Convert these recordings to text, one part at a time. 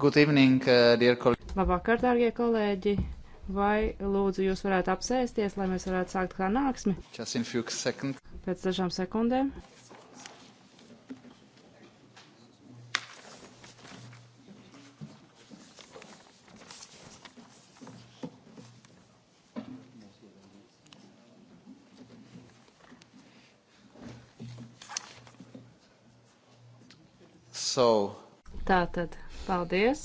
Good evening, uh, dear colleagues. Labvakar, dārgie kolēģi. Vai lūdzu jūs varētu apsēsties, lai mēs varētu sākt kā nāksmi? Just in few seconds. Pēc dažām sekundēm. So. Tātad. Paldies!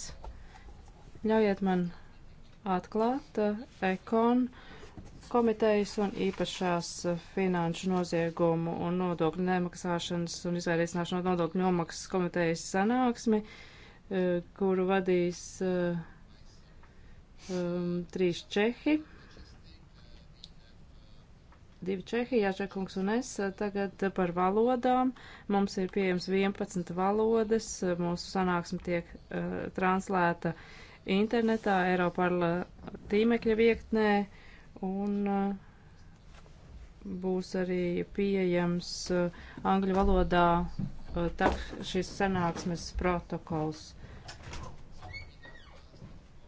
Ļaujiet man atklāt eh, ekon komitejas un īpašās eh, finanšu noziegumu un nodokļu nemaksāšanas un izvairīšanās no nodokļu nomaksas komitejas sanāksmi, eh, kuru vadīs um, trīs čehi divi Čehi, Jāžekungs un es. Eh, tagad par valodām. Mums ir pieejams 11 valodas. Eh, mūsu sanāksme tiek uh, translēta internetā, Eiroparla tīmekļa vietnē. Un uh, būs arī pieejams uh, angļu valodā uh, tak, šis sanāksmes protokols.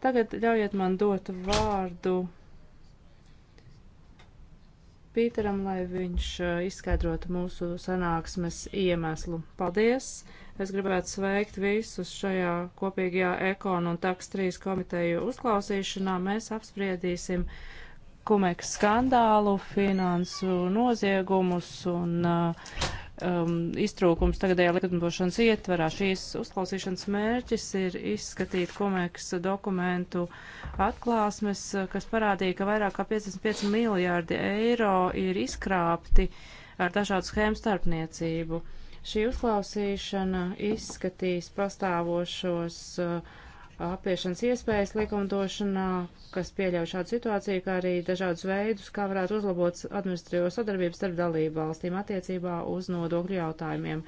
Tagad ļaujiet man dot vārdu Pīteram, lai viņš uh, izskaidrotu mūsu sanāksmes iemeslu. Paldies! Es gribētu sveikt visus šajā kopīgajā ekonu un taks trīs komiteju uzklausīšanā. Mēs apspriedīsim kumeks skandālu, finansu noziegumus un uh, um, iztrūkums tagadējā likumdošanas ietvarā. Šīs uzklausīšanas mērķis ir izskatīt komeks dokumentu atklāsmes, kas parādīja, ka vairāk kā 55 miljārdi eiro ir izkrāpti ar dažādu schēmu starpniecību. Šī uzklausīšana izskatīs pastāvošos uh, apiešanas iespējas likumdošanā, kas pieļauj šādu situāciju, kā arī dažādus veidus, kā varētu uzlabot administratīvo sadarbību starp dalību valstīm attiecībā uz nodokļu jautājumiem.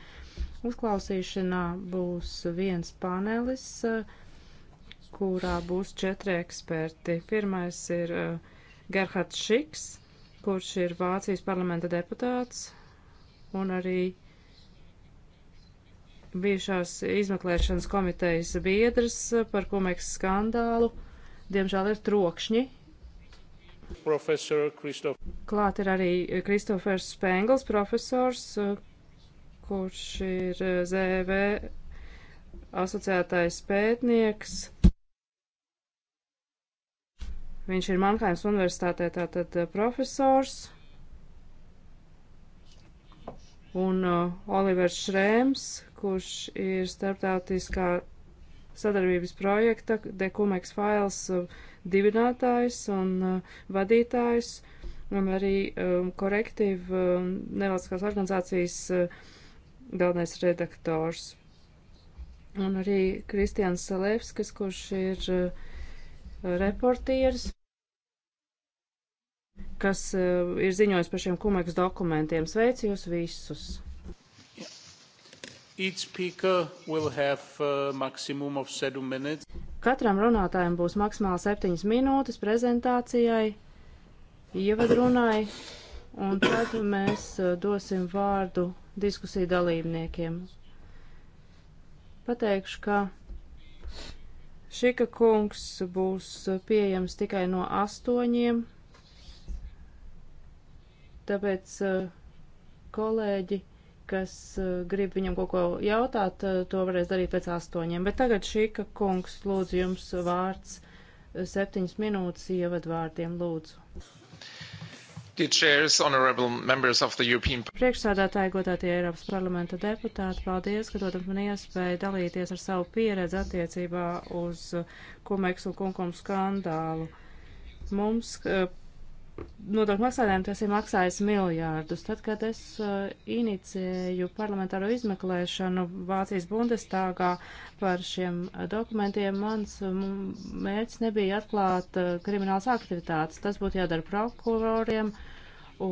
Uzklausīšanā būs viens panelis, kurā būs četri eksperti. Pirmais ir eh, Gerhards Šiks, kurš ir Vācijas parlamenta deputāts un arī uh, bijušās izmeklēšanas komitejas biedrs par komeks skandālu. Diemžēl ir trokšņi. Klāt ir arī Kristofers Spengls, profesors, kurš ir ZV e asociētais pētnieks. Viņš ir Manhaimas universitātē tātad profesors un uh, Olivers Šrēms, kurš ir starptautiskā sadarbības projekta Dekumeks Files uh, dibinātājs un uh, vadītājs, un arī um, korektīva um, nevalstiskās organizācijas uh, galvenais redaktors. Un arī Kristians Salevskis, kurš ir uh, reportieris kas uh, ir ziņojis par šiem kumeks dokumentiem. Sveicu jūs visus! Have, uh, Katram runātājam būs maksimāli septiņas minūtes prezentācijai, ievadrunai, un tad mēs eh, dosim vārdu diskusiju dalībniekiem. Pateikšu, ka šika kungs būs eh, pieejams tikai no astoņiem. Tāpēc eh, kolēģi, kas eh, grib viņam kaut ko jautāt, eh, to varēs darīt pēc astoņiem. Bet tagad šīka kungs, lūdzu, jums vārds septiņas minūtes ievadvārdiem, lūdzu. Priekšsādātāji, godātie Eiropas parlamenta deputāti, paldies, ka dodat man iespēju dalīties ar savu pieredzi attiecībā uz Kumeks un Kunkumu skandālu. Mums nodokļu maksātājiem tas ir maksājis miljārdus. Tad, kad es uh, inicēju parlamentāro izmeklēšanu Vācijas Bundestāgā par šiem uh, dokumentiem, mans uh, mērķis nebija atklāt uh, kriminālas aktivitātes. Tas būtu jādara prokuroriem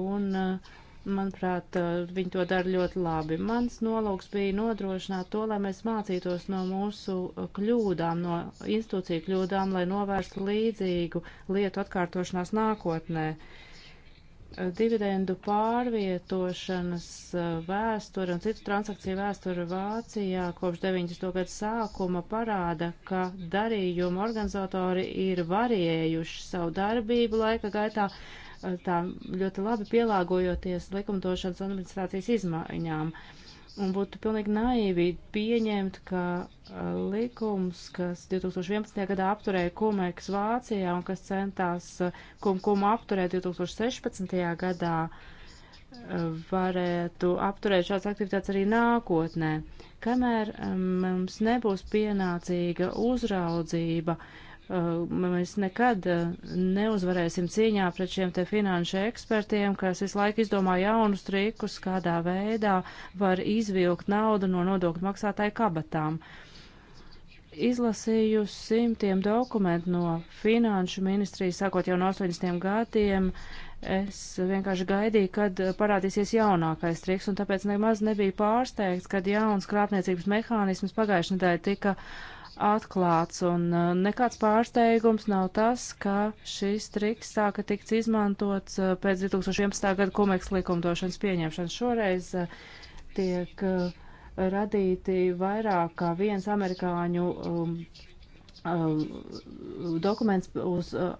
un uh, Manuprāt, viņi to dara ļoti labi. Mans nolūks bija nodrošināt to, lai mēs mācītos no mūsu kļūdām, no institūciju kļūdām, lai novērstu līdzīgu lietu atkārtošanās nākotnē. Dividendu pārvietošanas vēsture un citu transakciju vēsture Vācijā kopš 90. gadu sākuma parāda, ka darījuma organizatori ir varējuši savu darbību laika gaitā tā ļoti labi pielāgojoties likumdošanas un administrācijas izmaiņām. Un būtu pilnīgi naivi pieņemt, ka uh, likums, kas 2011. gadā apturēja kumēks Vācijā un kas centās uh, kumkumu apturēt 2016. gadā, uh, varētu apturēt šādas aktivitātes arī nākotnē. Kamēr um, mums nebūs pienācīga uzraudzība, uh, Uh, mēs nekad uh, neuzvarēsim cīņā pret šiem te finanšu ekspertiem, kas visu laiku izdomā jaunus trikus, kādā veidā var izvilkt naudu no nodokļu maksātāju kabatām. Izlasīju simtiem dokumentu no finanšu ministrijas, sākot jau no 80 gadiem, es vienkārši gaidīju, kad parādīsies jaunākais triks, un tāpēc nemaz nebija pārsteigts, kad jauns krāpniecības mehānisms pagājušajā nedēļā tika uh, atklāts, un uh, nekāds pārsteigums nav tas, ka šis triks sāka tikt izmantots uh, pēc 2011. gada komeks likumdošanas pieņemšanas. Šoreiz uh, tiek radīti vairāk kā viens amerikāņu um, um, dokuments uz uh,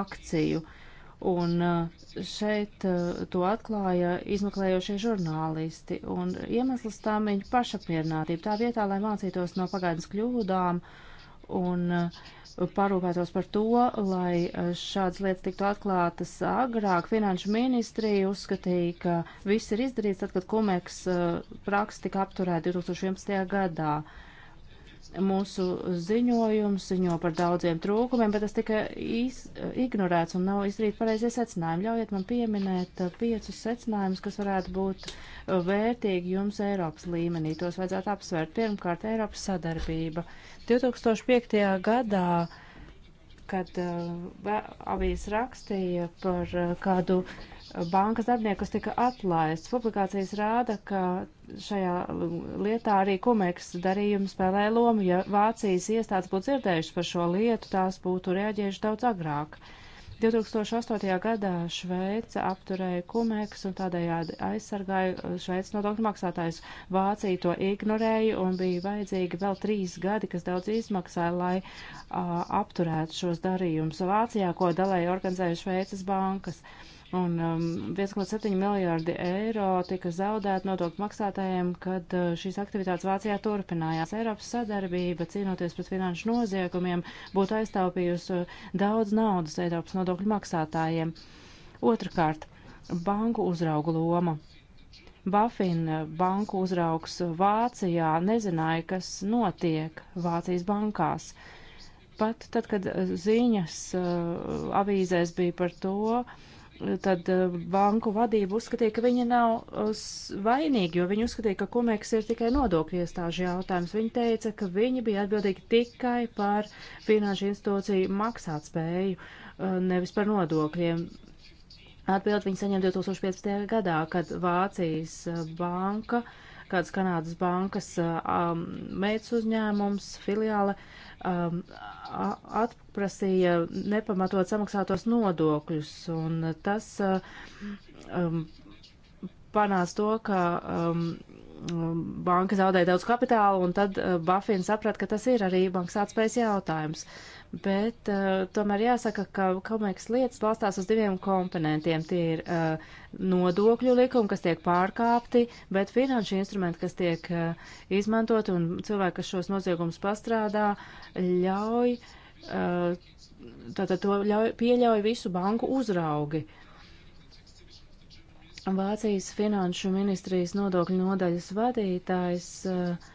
akciju. Uh, Un eh, šeit eh, to atklāja izmeklējošie žurnālisti, un iemesls tam ir pašapmierinātība. Tā vietā, lai mācītos no pagaidnes kļūdām un eh, parūpētos par to, lai šādas lietas tiktu atklātas agrāk, Finanšu ministrija uzskatīja, ka viss ir izdarīts tad, kad Kumeks praksa tika apturēta 2011. gadā. Mūsu ziņojums ziņo par daudziem trūkumiem, bet tas tika iz, ignorēts un nav izdarīt pareizie secinājumi. Ļaujiet man pieminēt uh, piecus secinājumus, kas varētu būt uh, vērtīgi jums Eiropas līmenī. Tos vajadzētu apsvērt. Pirmkārt, Eiropas sadarbība. 2005. gadā kad uh, avīs rakstīja par uh, kādu bankas darbinieku, kas tika atlaists. Publikācijas rāda, ka šajā lietā arī kumeks darījumi spēlē lomu. Ja Vācijas iestādes būtu dzirdējušas par šo lietu, tās būtu reaģējušas daudz agrāk. Uh, 2008. gadā Šveice apturēja kumeks un tādējādi aizsargāja eh, Šveices nodokļu maksātājus. Vācija to ignorēja un bija vajadzīgi vēl trīs gadi, kas daudz izmaksāja, lai a, apturētu šos darījumus Vācijā, ko dalēja organizēja Šveices bankas. A, Un um, 1,7 miljārdi eiro tika zaudēti nodokļu maksātājiem, kad uh, šīs aktivitātes Vācijā turpinājās. Eiropas sadarbība cīnoties pret finanšu noziegumiem būtu aiztaupījusi uh, daudz naudas Eiropas nodokļu maksātājiem. Otrakārt, banku uzraugu loma. Bafin uh, banku uzraugs Vācijā nezināja, kas notiek Vācijas bankās. Pat tad, kad uh, ziņas avīzēs bija par to, tad eh, banku vadība uzskatīja, ka viņi nav eh, vainīgi, jo viņi uzskatīja, ka kumeks ir tikai nodokļu iestāžu jautājums. Viņi teica, ka viņi bija atbildīgi tikai par finanšu institūciju maksāt spēju, eh, nevis par nodokļiem. Atbildi viņi saņem 2015. gadā, kad Vācijas banka uh, kādas Kanādas bankas um, meitas uzņēmums, filiāle, um, atprasīja nepamatot samaksātos nodokļus. Un tas um, panās to, ka um, banka zaudēja daudz kapitālu, un tad uh, Bafins saprata, ka tas ir arī maksātspējas jautājums bet uh, tomēr jāsaka, ka komēks lietas balstās uz diviem komponentiem. Tie ir uh, nodokļu likumi, kas tiek pārkāpti, bet finanšu instrumenti, kas tiek uh, izmantot un cilvēki, kas šos noziegumus pastrādā, ļauj, uh, tātad to ļauj, pieļauj visu banku uzraugi. Vācijas finanšu ministrijas nodokļu nodaļas vadītājs uh,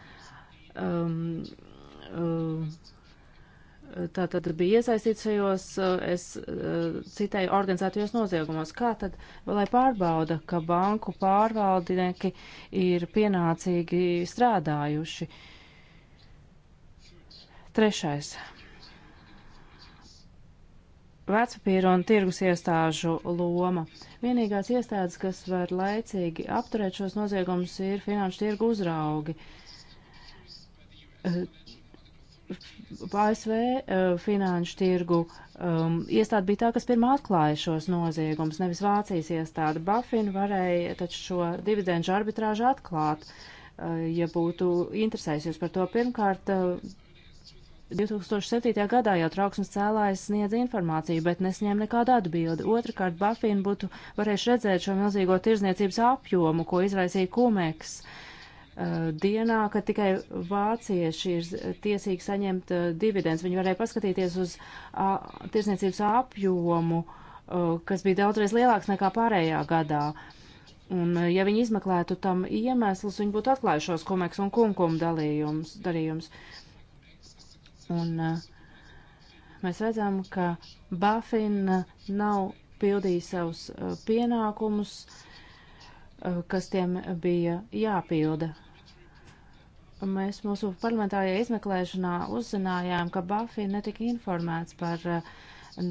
um, uh, tātad bija iesaistīts šajos, eh, es eh, citēju, organizētajos noziegumos. Kā tad, lai pārbauda, ka banku pārvaldnieki ir pienācīgi strādājuši? Trešais. Vecpapīra un tirgus iestāžu loma. Vienīgās iestādes, kas var laicīgi apturēt šos noziegumus, ir finanšu tirgu uzraugi eh, ASV eh, finanšu tirgu um, iestāde bija tā, kas pirmā atklāja šos noziegumus, nevis Vācijas iestāde. Bafin varēja taču šo dividendžu arbitrāžu atklāt, uh, ja būtu interesējusies par to. Pirmkārt, uh, eh, 2007. gadā jau trauksmes cēlājs sniedz informāciju, bet nesņēma nekādu atbildi. Otrakārt, Bafin būtu varējuši redzēt šo milzīgo tirzniecības apjomu, ko izraisīja Kumeks. Uh, Uh, dienā, ka tikai vācieši ir tiesīgi saņemt uh, dividendus. Viņi varēja paskatīties uz tirsniecības apjomu, uh, kas bija daudzreiz lielāks nekā pārējā gadā. Un, ja viņi izmeklētu tam iemeslus, viņi būtu atklājušos komeks un kunkumu dalījums, darījums. Un mēs redzam, ka Bafin nav pildīja savus pienākumus, kas tiem bija jāpilda mēs mūsu parlamentārajā izmeklēšanā uzzinājām, ka Bafi netika informēts par uh,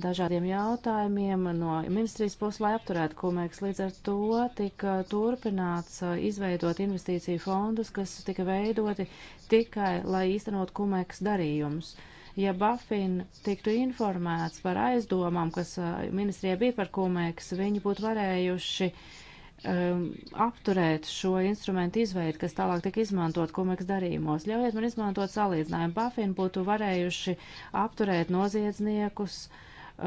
dažādiem jautājumiem no ministrijas puses, lai apturētu kumēks. Līdz ar to tika turpināts eh, izveidot investīciju fondus, kas tika veidoti tikai, lai īstenot kumēks darījumus. Ja Bafin tiktu informēts par aizdomām, kas eh, ministrijai bija par kumēks, viņi būtu varējuši uh, um, apturēt šo instrumentu izveidu, kas tālāk tika izmantot komiks darījumos. Ļaujiet man izmantot salīdzinājumu. Bafini būtu varējuši apturēt noziedzniekus,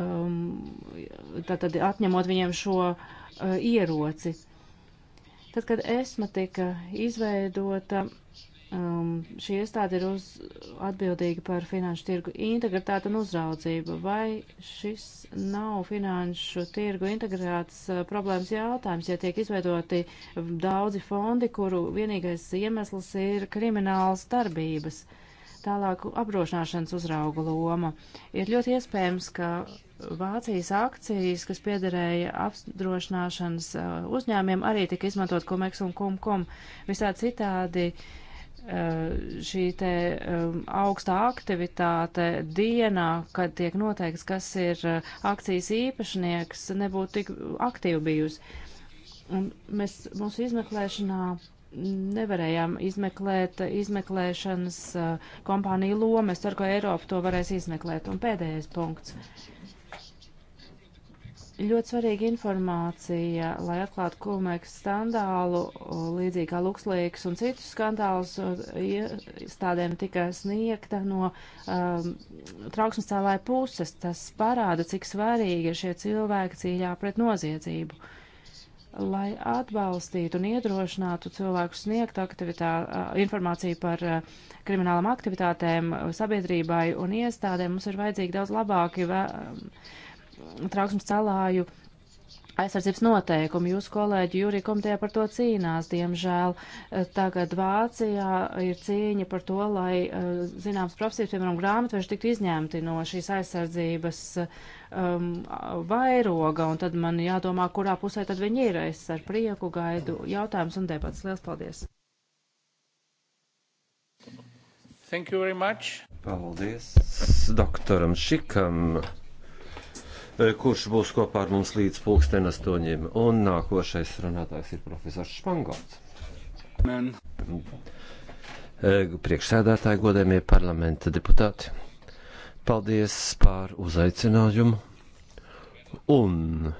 um, tātad atņemot viņiem šo uh, ieroci. Tad, kad esma tika izveidota, um, šī iestāde ir uz, atbildīga par finanšu tirgu integritātu un uzraudzību. Vai šis nav finanšu tirgu integrētas uh, problēmas jautājums, ja tiek izveidoti daudzi fondi, kuru vienīgais iemesls ir krimināls darbības? Tālāk apdrošināšanas uzrauga loma. Ir ļoti iespējams, ka Vācijas akcijas, kas piederēja apdrošināšanas uh, uzņēmiem, arī tika izmantot Comex un Kumkum. Visā citādi uh, Eh, šī te augstā aktivitāte dienā, kad tiek noteikts, kas ir eh, akcijas īpašnieks, nebūtu tik aktīva bijusi. Un mēs mūsu izmeklēšanā nevarējām izmeklēt izmeklēšanas eh, kompāniju lomu. Es ceru, ka Eiropa to varēs izmeklēt. Un pēdējais punkts ļoti svarīga informācija, lai atklātu Kulmēks skandālu, līdzīgi kā Luxlīks un citus skandālus, iestādēm tika sniegta no um, trauksmes cēlāja puses. Tas parāda, cik svarīgi ir šie cilvēki cīņā pret noziedzību. Lai atbalstītu un iedrošinātu cilvēku sniegt aktivitā, informāciju par kriminālām aktivitātēm sabiedrībai un iestādēm, mums ir vajadzīgi daudz labāki. Vē, trauksmes celāju aizsardzības noteikumi. Jūsu kolēģi Jūrija komitejā par to cīnās, diemžēl. Eh, tagad Vācijā ir cīņa par to, lai eh, zināmas profesijas, piemēram, grāmatveži, tiktu izņemti no šīs aizsardzības um, vairoga, un tad man jādomā, kurā pusē tad viņi ir. Es ar prieku gaidu jautājumus un debats. Lielas paldies! Thank you very much. Paldies doktoram Šikam. Eh, kurš būs kopā ar mums līdz pulksten astoņiem. Un nākošais runātājs ir profesors Špangots. Man. Eh, priekšsēdētāji, godējumie parlamenta deputāti, paldies par uzaicinājumu. Un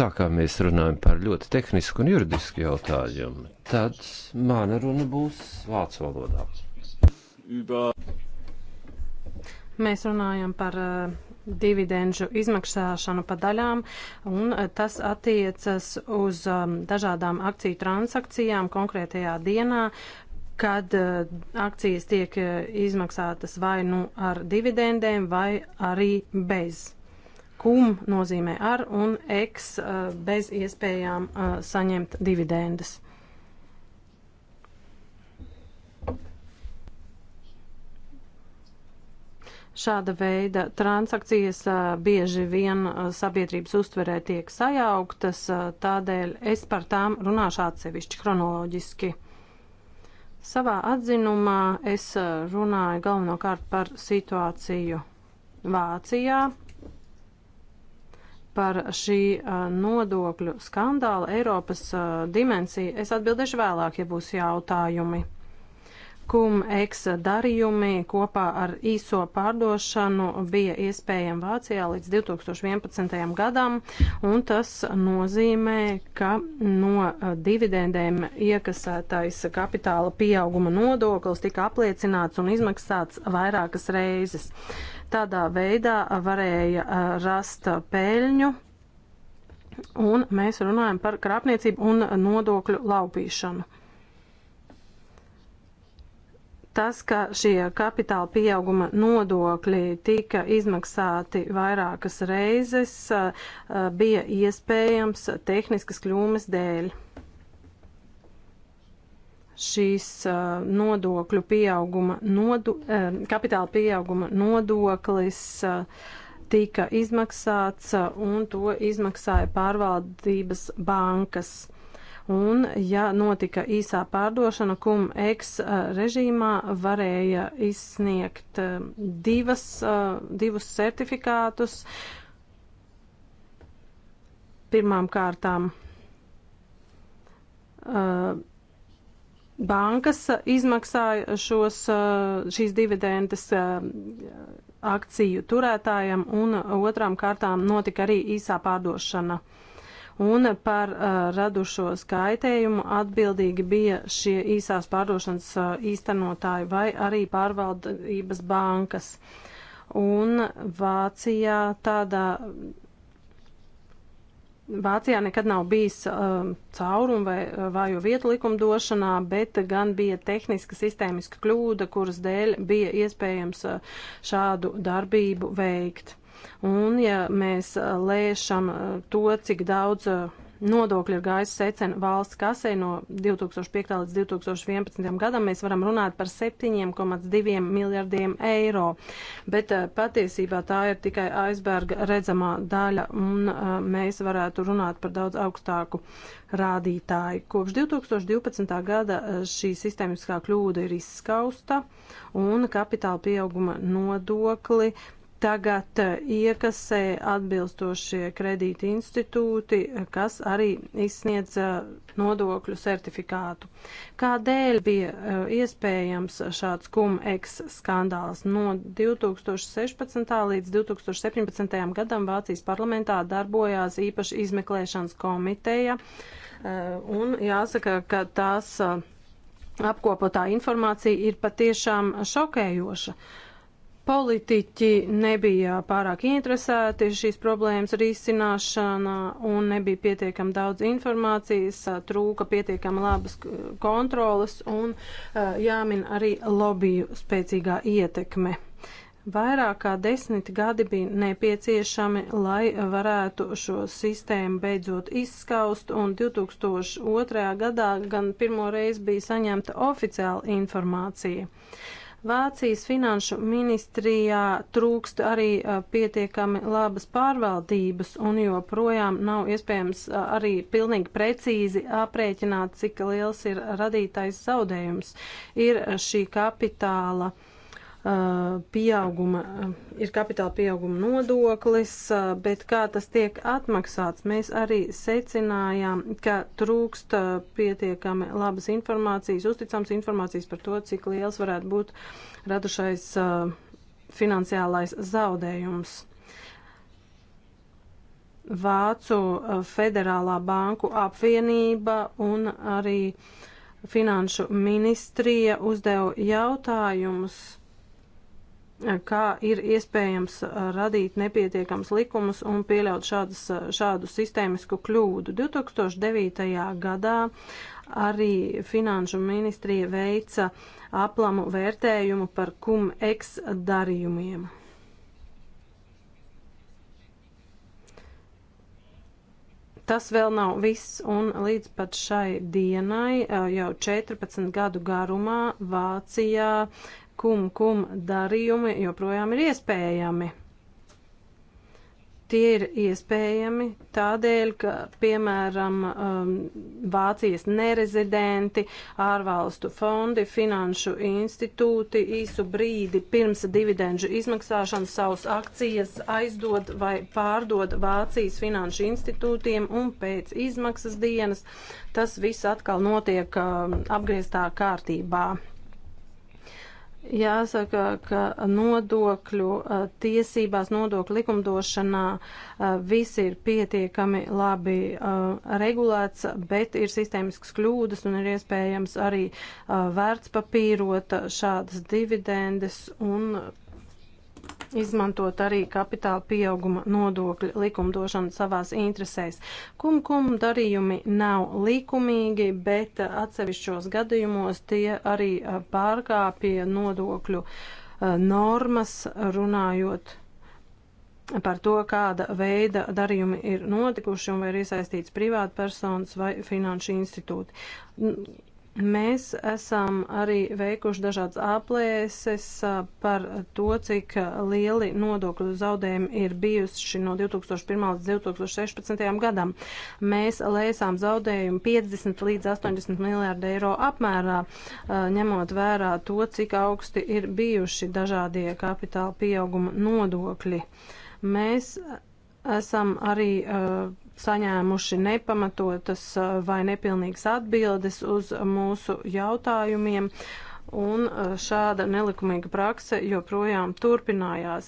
tā kā mēs runājam par ļoti tehnisku un juridisku jautājumu, tad mana runa būs vācu valodā. Mēs runājam par uh, dividenžu izmaksāšanu pa daļām, un eh, tas attiecas uz um, dažādām akciju transakcijām konkrētajā dienā, kad eh, akcijas tiek eh, izmaksātas vai nu ar dividendēm, vai arī bez. Kum nozīmē ar un eks bez iespējām saņemt dividendes. Šāda veida transakcijas bieži vien sabiedrības uztverē tiek sajauktas, tādēļ es par tām runāšu atsevišķi chronoloģiski. Savā atzinumā es runāju galvenokārt par situāciju Vācijā, par šī nodokļu skandāla Eiropas dimensiju. Es atbildēšu vēlāk, ja būs jautājumi kum eksa darījumi kopā ar īso pārdošanu bija iespējami Vācijā līdz 2011. gadam, un tas nozīmē, ka no dividendēm iekasētais kapitāla pieauguma nodoklis tika apliecināts un izmaksāts vairākas reizes. Tādā veidā varēja rast peļņu un mēs runājam par krāpniecību un nodokļu laupīšanu. Tas, ka šie kapitāla pieauguma nodokļi tika izmaksāti vairākas reizes, eh, bija iespējams tehniskas kļūmes dēļ. Šīs eh, nodokļu pieauguma, nodu, eh, kapitāla pieauguma nodoklis tika izmaksāts un to izmaksāja pārvaldības bankas un ja notika īsā pārdošana, kum eks eh, režīmā varēja izsniegt eh, divas, eh, divus certifikātus. Pirmām kārtām bankas izmaksāja šos, šīs dividendes akciju turētājiem, un otrām kārtām notika arī īsā pārdošana un par uh, radušo skaitējumu atbildīgi bija šie īsās pārdošanas uh, īstenotāji vai arī pārvaldības bankas. Un Vācijā tādā. Vācijā nekad nav bijis um, uh, caurumu vai uh, vājo vietu likumdošanā, bet gan bija tehniska sistēmiska kļūda, kuras dēļ bija iespējams uh, šādu darbību veikt. Un ja mēs uh, lēšam uh, to, cik daudz uh, nodokļu ir gājis secena valsts kasē no 2005. līdz 2011. gadam, mēs varam runāt par 7,2 miljardiem eiro. Bet patiesībā tā ir tikai aizberga redzamā daļa, un mēs varētu runāt par daudz augstāku rādītāju. Kopš 2012. gada šī sistēmiskā kļūda ir izskausta, un kapitāla pieauguma nodokli tagad eh, iekasē atbilstošie kredīti institūti, eh, kas arī izsniedz eh, nodokļu certifikātu. Kādēļ bija iespējams šāds kumeks skandāls? No 2016. līdz 2017. gadam Vācijas parlamentā darbojās īpaši izmeklēšanas komiteja, un jāsaka, ka tās apkopotā informācija ir patiešām šokējoša. Uh, Politiķi nebija pārāk interesēti šīs problēmas risināšanā un nebija pietiekami daudz informācijas, trūka pietiekami labas kontrolas un jāmin arī lobiju spēcīgā ietekme. Vairāk kā desmit gadi bija nepieciešami, lai varētu šo sistēmu beidzot izskaust, un 2002. gadā gan pirmo reizi bija saņemta oficiāla informācija. Vācijas finanšu ministrijā trūkst arī pietiekami labas pārvaldības un joprojām nav iespējams arī pilnīgi precīzi aprēķināt, cik liels ir radītais zaudējums. Ir šī kapitāla. Uh, Eh, pieauguma, eh, ir kapitāla pieauguma nodoklis, eh, bet kā tas tiek atmaksāts? Mēs arī secinājām, ka trūkst pietiekami labas informācijas, uzticams informācijas par to, cik liels varētu būt radušais finansiālais zaudējums. Vācu Federālā banku apvienība un arī Finanšu ministrija uzdeva jautājumus kā ir iespējams radīt nepietiekams likumus un pieļaut šādas, šādu sistēmisku kļūdu. 2009. gadā arī Finanšu ministrija veica aplamu vērtējumu par kum eks darījumiem. Tas vēl nav viss, un līdz pat šai dienai eh, jau 14 gadu garumā Vācijā kum-kum darījumi joprojām ir iespējami. Tie ir iespējami tādēļ, ka, piemēram, um, Vācijas nerezidenti, ārvalstu fondi, finanšu institūti īsu brīdi pirms dividendžu izmaksāšanas savus akcijas aizdod vai pārdod Vācijas finanšu institūtiem un pēc izmaksas dienas tas viss atkal notiek um, apgrieztā kārtībā. Jāsaka, ka nodokļu tiesībās, nodokļu likumdošanā viss ir pietiekami labi regulēts, bet ir sistēmisks kļūdas un ir iespējams arī vērtspapīrot šādas dividendes un izmantot arī kapitāla pieauguma nodokļu likumdošanu savās interesēs. Kumkum darījumi nav likumīgi, bet atsevišķos gadījumos tie arī pārkāpja nodokļu normas, runājot par to, kāda veida darījumi ir notikuši un vai ir iesaistīts privātpersonas vai finanšu institūti Mēs esam arī veikuši dažādas aplēses par to, cik lieli nodokļu zaudējumi ir bijuši no 2001 līdz 2016 gadam. Mēs lēsām zaudējumu 50 līdz 80 miljārdu eiro apmērā, ņemot vērā to, cik augsti ir bijuši dažādie kapitāla pieauguma nodokļi. Mēs esam arī uh, saņēmuši nepamatotas vai nepilnīgas atbildes uz mūsu jautājumiem. Un šāda nelikumīga prakse joprojām turpinājās.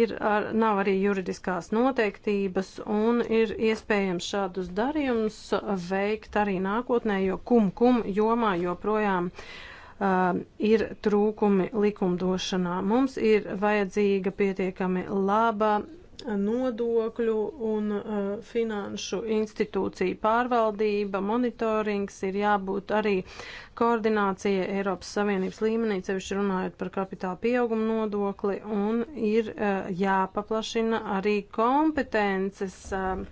Ir ar, nav arī juridiskās noteiktības un ir iespējams šādus darījumus veikt arī nākotnē, jo kum-kum jomā joprojām uh, ir trūkumi likumdošanā. Mums ir vajadzīga pietiekami laba nodokļu un uh, finanšu institūciju pārvaldība, monitorings ir jābūt arī koordinācija Eiropas Savienības līmenī, cevišķi runājot par kapitāla pieauguma nodokli, un ir uh, jāpaplašina arī kompetences. Uh,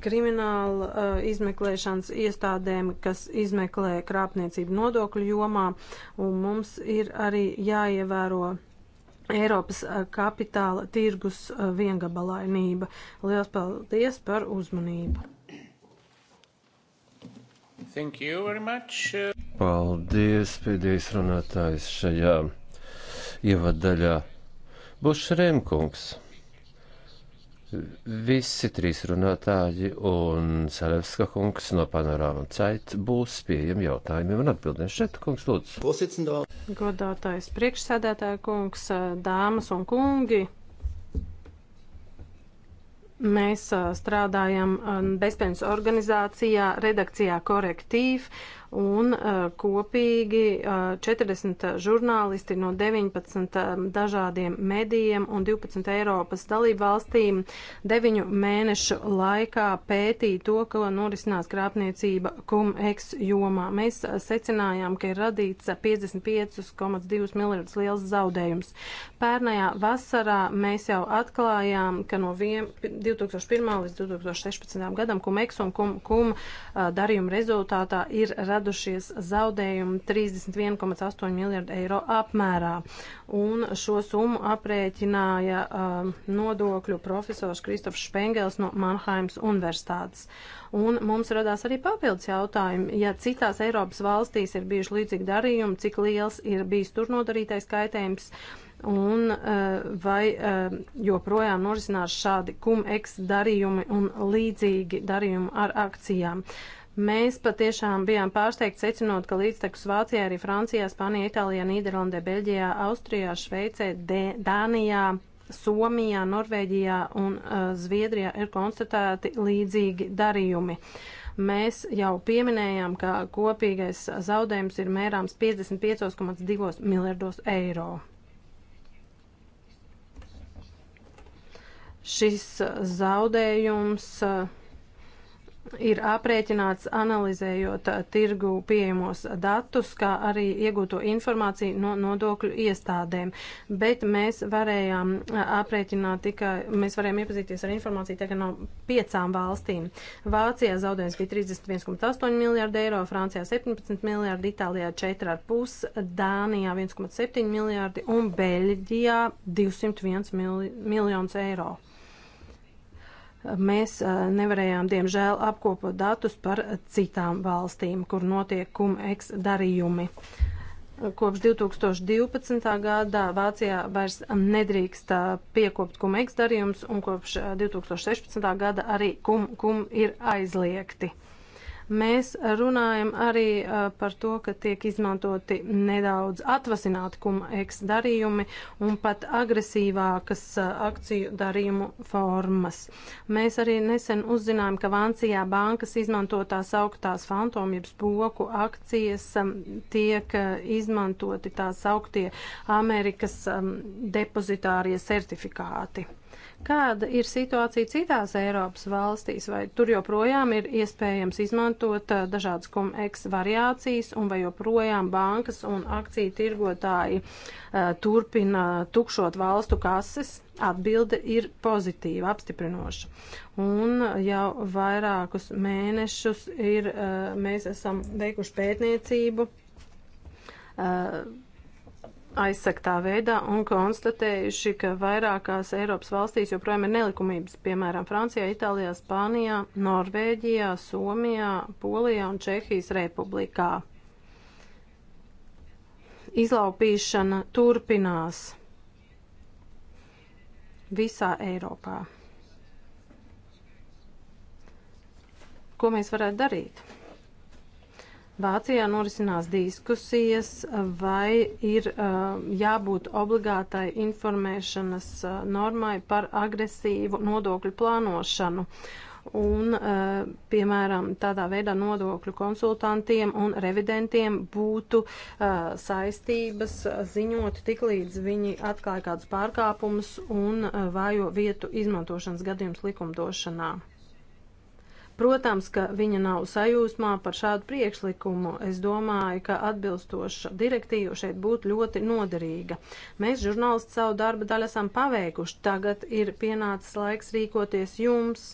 krimināla uh, izmeklēšanas iestādēm, kas izmeklē krāpniecību nodokļu jomā, un mums ir arī jāievēro Eiropas eh, kapitāla tirgus eh, viengabalainība. Lielas paldies par uzmanību! Thank you very much. Paldies, pēdējais runātājs šajā ievadaļā. Būs Šrēmkungs. Visi trīs runātāji un Selevska kungs no panorāma cait būs pieejami jautājumiem un atbildēm. Šeit kungs lūdzu. Godātais priekšsēdētāja kungs, dāmas un kungi. Mēs strādājam bezpējas organizācijā, redakcijā korektīvi un uh, kopīgi uh, 40 žurnālisti no 19 uh, um, dažādiem medijiem un 12 Eiropas dalību valstīm 9 mēnešu laikā pētīja to, ko norisinās krāpniecība cum-ex jomā. Mēs uh, secinājām, ka ir radīts 55,2 uh, miljardus liels zaudējums. Pērnajā vasarā mēs jau atklājām, ka no 2001 līdz 2016 gadam cum-ex un cum-cum uh, darījuma rezultātā ir radīts radušies zaudējumi 31,8 miljardu eiro apmērā. Un šo summu aprēķināja uh, nodokļu profesors Kristofs Špengels no Mannheims Universitātes. Un mums radās arī papildus jautājumi, ja citās Eiropas valstīs ir bijuši līdzīgi darījumi, cik liels ir bijis tur nodarītais kaitējums un uh, vai uh, joprojām norisinās šādi kumeks darījumi un līdzīgi darījumi ar akcijām. Uh, Mēs patiešām bijām pārsteigti secinot, ka līdztekus Vācijā, arī Francijā, Spānijā, Itālijā, Nīderlandē, Beļģijā, Austrijā, Šveicē, D Dānijā, Somijā, Norvēģijā un uh, Zviedrijā ir konstatēti līdzīgi darījumi. Mēs jau pieminējām, ka kopīgais zaudējums ir mērāms 55,2 miljardos eiro. Šis uh, zaudējums. Uh, ir aprēķināts analizējot tirgu pieejamos datus, kā arī iegūto informāciju no nodokļu iestādēm. Bet mēs varējām aprēķināt tikai, mēs varējām iepazīties ar informāciju tikai no piecām valstīm. Vācijā zaudējums bija 31,8 miljārdi eiro, Francijā 17 miljārdi, Itālijā 4,5, Dānijā 1,7 miljārdi un Beļģijā 201 miljonus eiro mēs nevarējām, diemžēl, apkopot datus par citām valstīm, kur notiek kumeks darījumi. Kopš 2012. gadā Vācijā vairs nedrīkst piekopt kumeks darījums, un kopš 2016. gada arī kum, kum ir aizliegti. Mēs runājam arī uh, par to, ka tiek izmantoti nedaudz atvasināti kuma eks darījumi un pat agresīvākas uh, akciju darījumu formas. Mēs arī nesen uzzinājām, ka Vācijā bankas izmantotās augtās fantomības boku akcijas um, tiek uh, izmantoti tās augtie Amerikas um, depozitārie certifikāti. Kāda ir situācija citās Eiropas valstīs, vai tur joprojām ir iespējams izmantot dažādas komeks variācijas, un vai joprojām bankas un akciju tirgotāji uh, turpina tukšot valstu kases? Atbilde ir pozitīva, apstiprinoša. Un jau vairākus mēnešus ir, uh, mēs esam veikuši pētniecību. Uh, aizsaktā veidā un konstatējuši, ka vairākās Eiropas valstīs joprojām ir nelikumības, piemēram, Francijā, Itālijā, Spānijā, Norvēģijā, Somijā, Polijā un Čehijas republikā. Izlaupīšana turpinās visā Eiropā. Ko mēs varētu darīt? Vācijā norisinās diskusijas, vai ir uh, jābūt obligātai informēšanas uh, normai par agresīvu nodokļu plānošanu. Un, uh, piemēram, tādā veidā nodokļu konsultantiem un revidentiem būtu saistības ziņot tik līdz viņi atklāja kādus pārkāpumus un vājo vietu izmantošanas gadījums likumdošanā. Protams, ka viņa nav sajūsmā par šādu priekšlikumu. Es domāju, ka atbilstoša direktīva šeit būtu ļoti noderīga. Mēs, žurnālisti, savu darba daļu esam paveikuši. Tagad ir pienācis laiks rīkoties jums.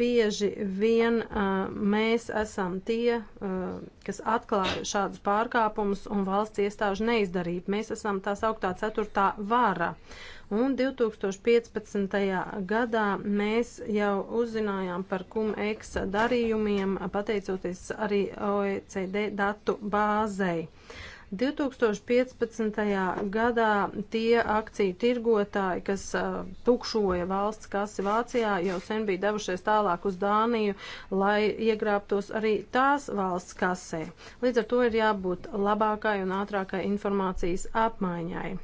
Bieži vien uh, mēs esam tie, uh, kas atklāja šādus pārkāpumus un valsts iestāžu neizdarību. Mēs esam tā sauktā ceturtā vara. Uh, Un 2015. gadā mēs jau uzzinājām par kumeks darījumiem, pateicoties arī OECD datu bāzei. 2015. gadā tie akciju tirgotāji, kas uh, tukšoja valsts kasi Vācijā, jau sen bija devušies tālāk uz Dāniju, lai iegrābtos arī tās valsts kasē. Līdz ar to ir jābūt labākai un ātrākai informācijas apmaiņai.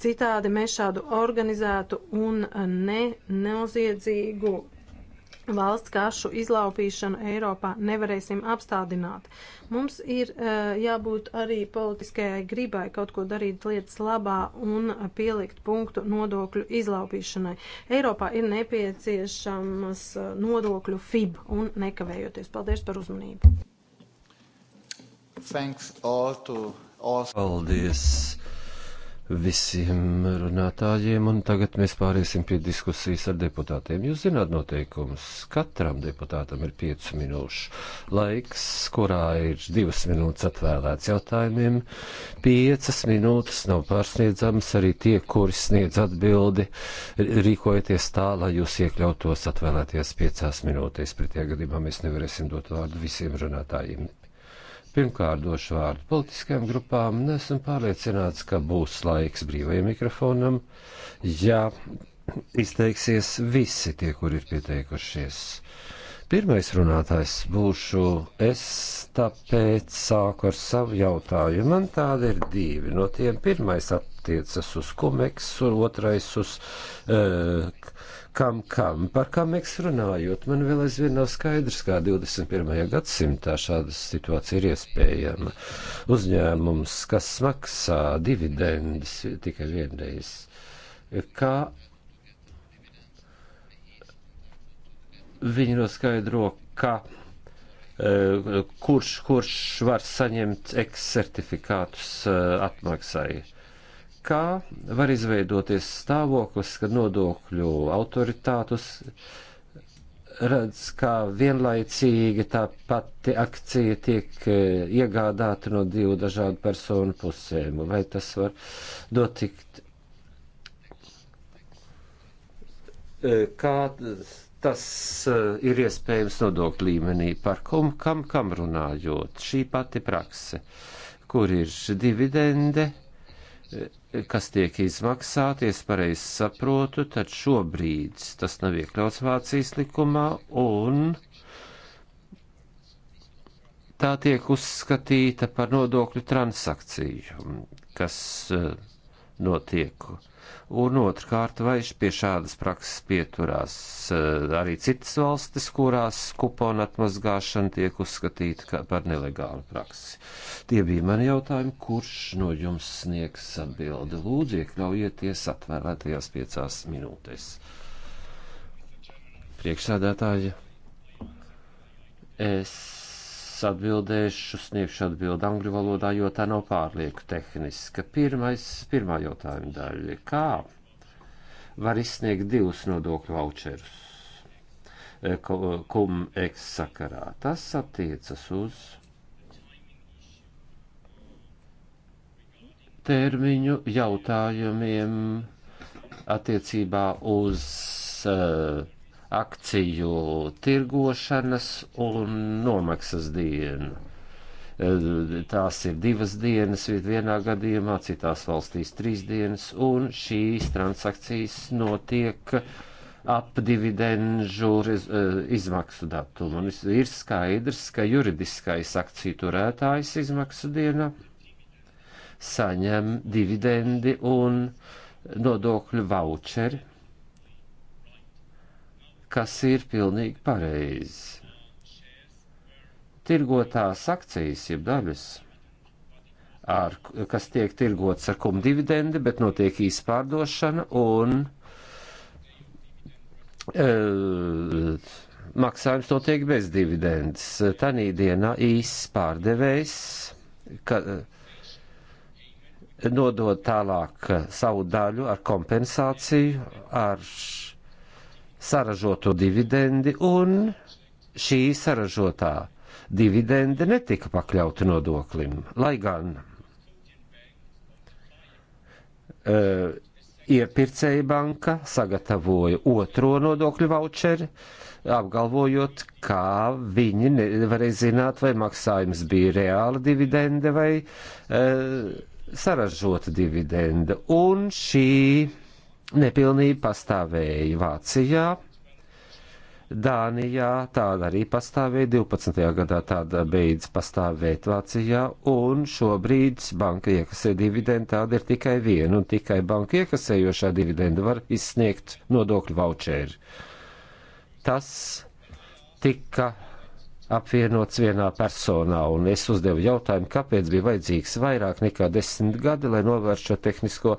Citādi mēs šādu organizētu un ne noziedzīgu valsts kašu izlaupīšanu Eiropā nevarēsim apstādināt. Mums ir e, jābūt arī politiskajai gribai kaut ko darīt lietas labā un pielikt punktu nodokļu izlaupīšanai. Eiropā ir nepieciešamas e, nodokļu fib un nekavējoties. Paldies par uzmanību. Thanks all to all. Paldies visiem runātājiem, un tagad mēs pāriesim pie diskusijas ar deputātiem. Jūs zināt noteikumus. Katram deputātam ir 5 minūšu laiks, kurā ir 2 minūtes atvēlēts jautājumiem. 5 minūtes nav pārsniedzams arī tie, kuri sniedz atbildi. Rīkojieties tā, lai jūs iekļautos atvēlēties 5 minūtēs. Pretējā gadījumā mēs nevarēsim dot vārdu visiem runātājiem. Pirmkārt, došu vārdu politiskajām grupām. Nesmu pārliecināts, ka būs laiks brīvajam mikrofonam, ja izteiksies visi tie, kur ir pieteikušies. Pirmais runātājs būšu es, tāpēc sāku ar savu jautājumu. Man tādi ir divi. No tiem pirmais attiecas uz kumeks, un otrais uz uh, kam kam. Par kam mēs runājot, man vēl aizvien nav skaidrs, kā 21. gadsimtā šāda situācija ir iespējama. Uzņēmums, kas maksā dividendes tikai vienreiz, kā viņi noskaidro, ka e, kurš, kurš var saņemt eksertifikātus e, atmaksai kā var izveidoties stāvoklis, kad nodokļu autoritātus redz, kā vienlaicīgi tā pati akcija tiek e, iegādāta no divu dažādu personu pusēm. Vai tas var notikt? E, kā tas e, ir iespējams nodokļu līmenī? Par kum, kam, kam runājot? Šī pati prakse, kur ir dividende kas tiek izmaksāties, pareizi saprotu, tad šobrīd tas nav iekļauts Vācijas likumā un tā tiek uzskatīta par nodokļu transakciju, kas notiek. Un otrkārt, vai pie šādas prakses pieturās eh, arī citas valstis, kurās kuponu atmazgāšana tiek uzskatīta par nelegālu praksi? Tie bija mani jautājumi, kurš no jums sniegs atbildi. Lūdzu, iekļaujieties atvēlētajās piecās minūtēs. Priekšsādātāja, es atbildēšu, sniegšu atbildi angļu valodā, jo tā nav pārlieku tehniska. Pirmais, pirmā jautājuma daļa - kā var izsniegt divus nodokļu voucherus? E, kum eks sakarā. Tas attiecas uz termiņu jautājumiem attiecībā uz uh, akciju tirgošanas un nomaksas dienu. Eh, tās ir divas dienas vienā gadījumā, citās valstīs trīs dienas, un šīs transakcijas notiek ap dividenžu eh, izmaksu datumu. Un ir skaidrs, ka juridiskais akciju turētājs izmaksu dienā saņem dividendi un nodokļu voucheri kas ir pilnīgi pareizi. Tirgotās akcijas, jeb daļas, ar, kas tiek tirgots ar kumu dividendi, bet notiek īspārdošana un e, maksājums notiek bez dividendes. Tanī dienā īspārdevējs nodod tālāk savu daļu ar kompensāciju, ar saražoto dividendi, un šī saražotā dividende netika pakļauta nodoklim, lai gan uh, e, iepirkēja banka sagatavoja otro nodokļu voucheri, apgalvojot, ka viņi nevarēja zināt, vai maksājums bija reāla dividende vai uh, saražota dividende. Un šī nepilnība pastāvēja Vācijā. Dānijā tāda arī pastāvēja, 12. gadā tāda beidz pastāvēt Vācijā, un šobrīd banka iekasē dividendu tāda ir tikai viena, un tikai banka iekasējošā dividenda var izsniegt nodokļu voucheri. Tas tika apvienots vienā personā, un es uzdevu jautājumu, kāpēc bija vajadzīgs vairāk nekā desmit gadi, lai novērst šo tehnisko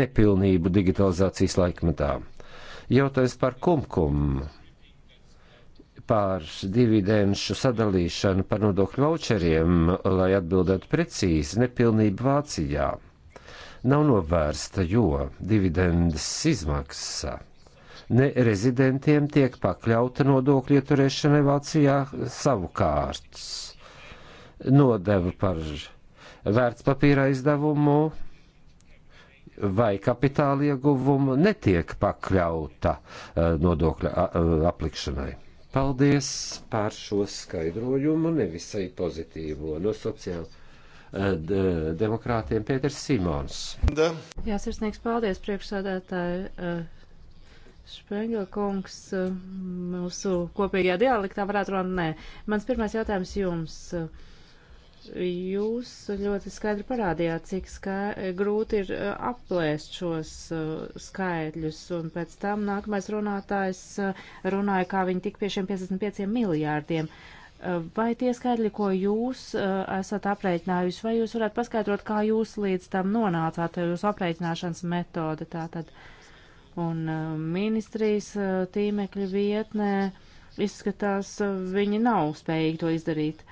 nepilnību digitalizācijas laikmetā. Jautājums par kumkumu, par dividenšu sadalīšanu, par nodokļu voucheriem, lai atbildētu precīzi, nepilnība Vācijā nav novērsta, jo dividendes izmaksas nerezidentiem tiek pakļauta nodokļu ieturēšana Vācijā savukārt. Nodeva par vērtspapīra izdevumu vai kapitāla ieguvumu netiek pakļauta eh, nodokļa eh, aplikšanai. Paldies par šo skaidrojumu, nevisai pozitīvo no sociāla eh, demokrātiem Pēters Simons. Jā, sirsnīgs paldies priekšsādātāji. Špēgla kungs mūsu kopīgajā dialektā varētu runāt, nē. Mans pirmais jautājums jums. Jūs ļoti skaidri parādījāt, cik skai, grūti ir eh, aplēst šos eh, skaitļus, un pēc tam nākamais runātājs eh, runāja, kā viņi tik pie šiem 55 miljārdiem. Vai tie skaitļi, ko jūs esat aprēķinājusi, vai jūs varētu paskaidrot, kā jūs līdz tam nonācāt, jūsu aprēķināšanas metode tātad? Uh, un uh, ministrijas uh, tīmekļa vietnē izskatās, uh, viņi nav spējīgi to izdarīt.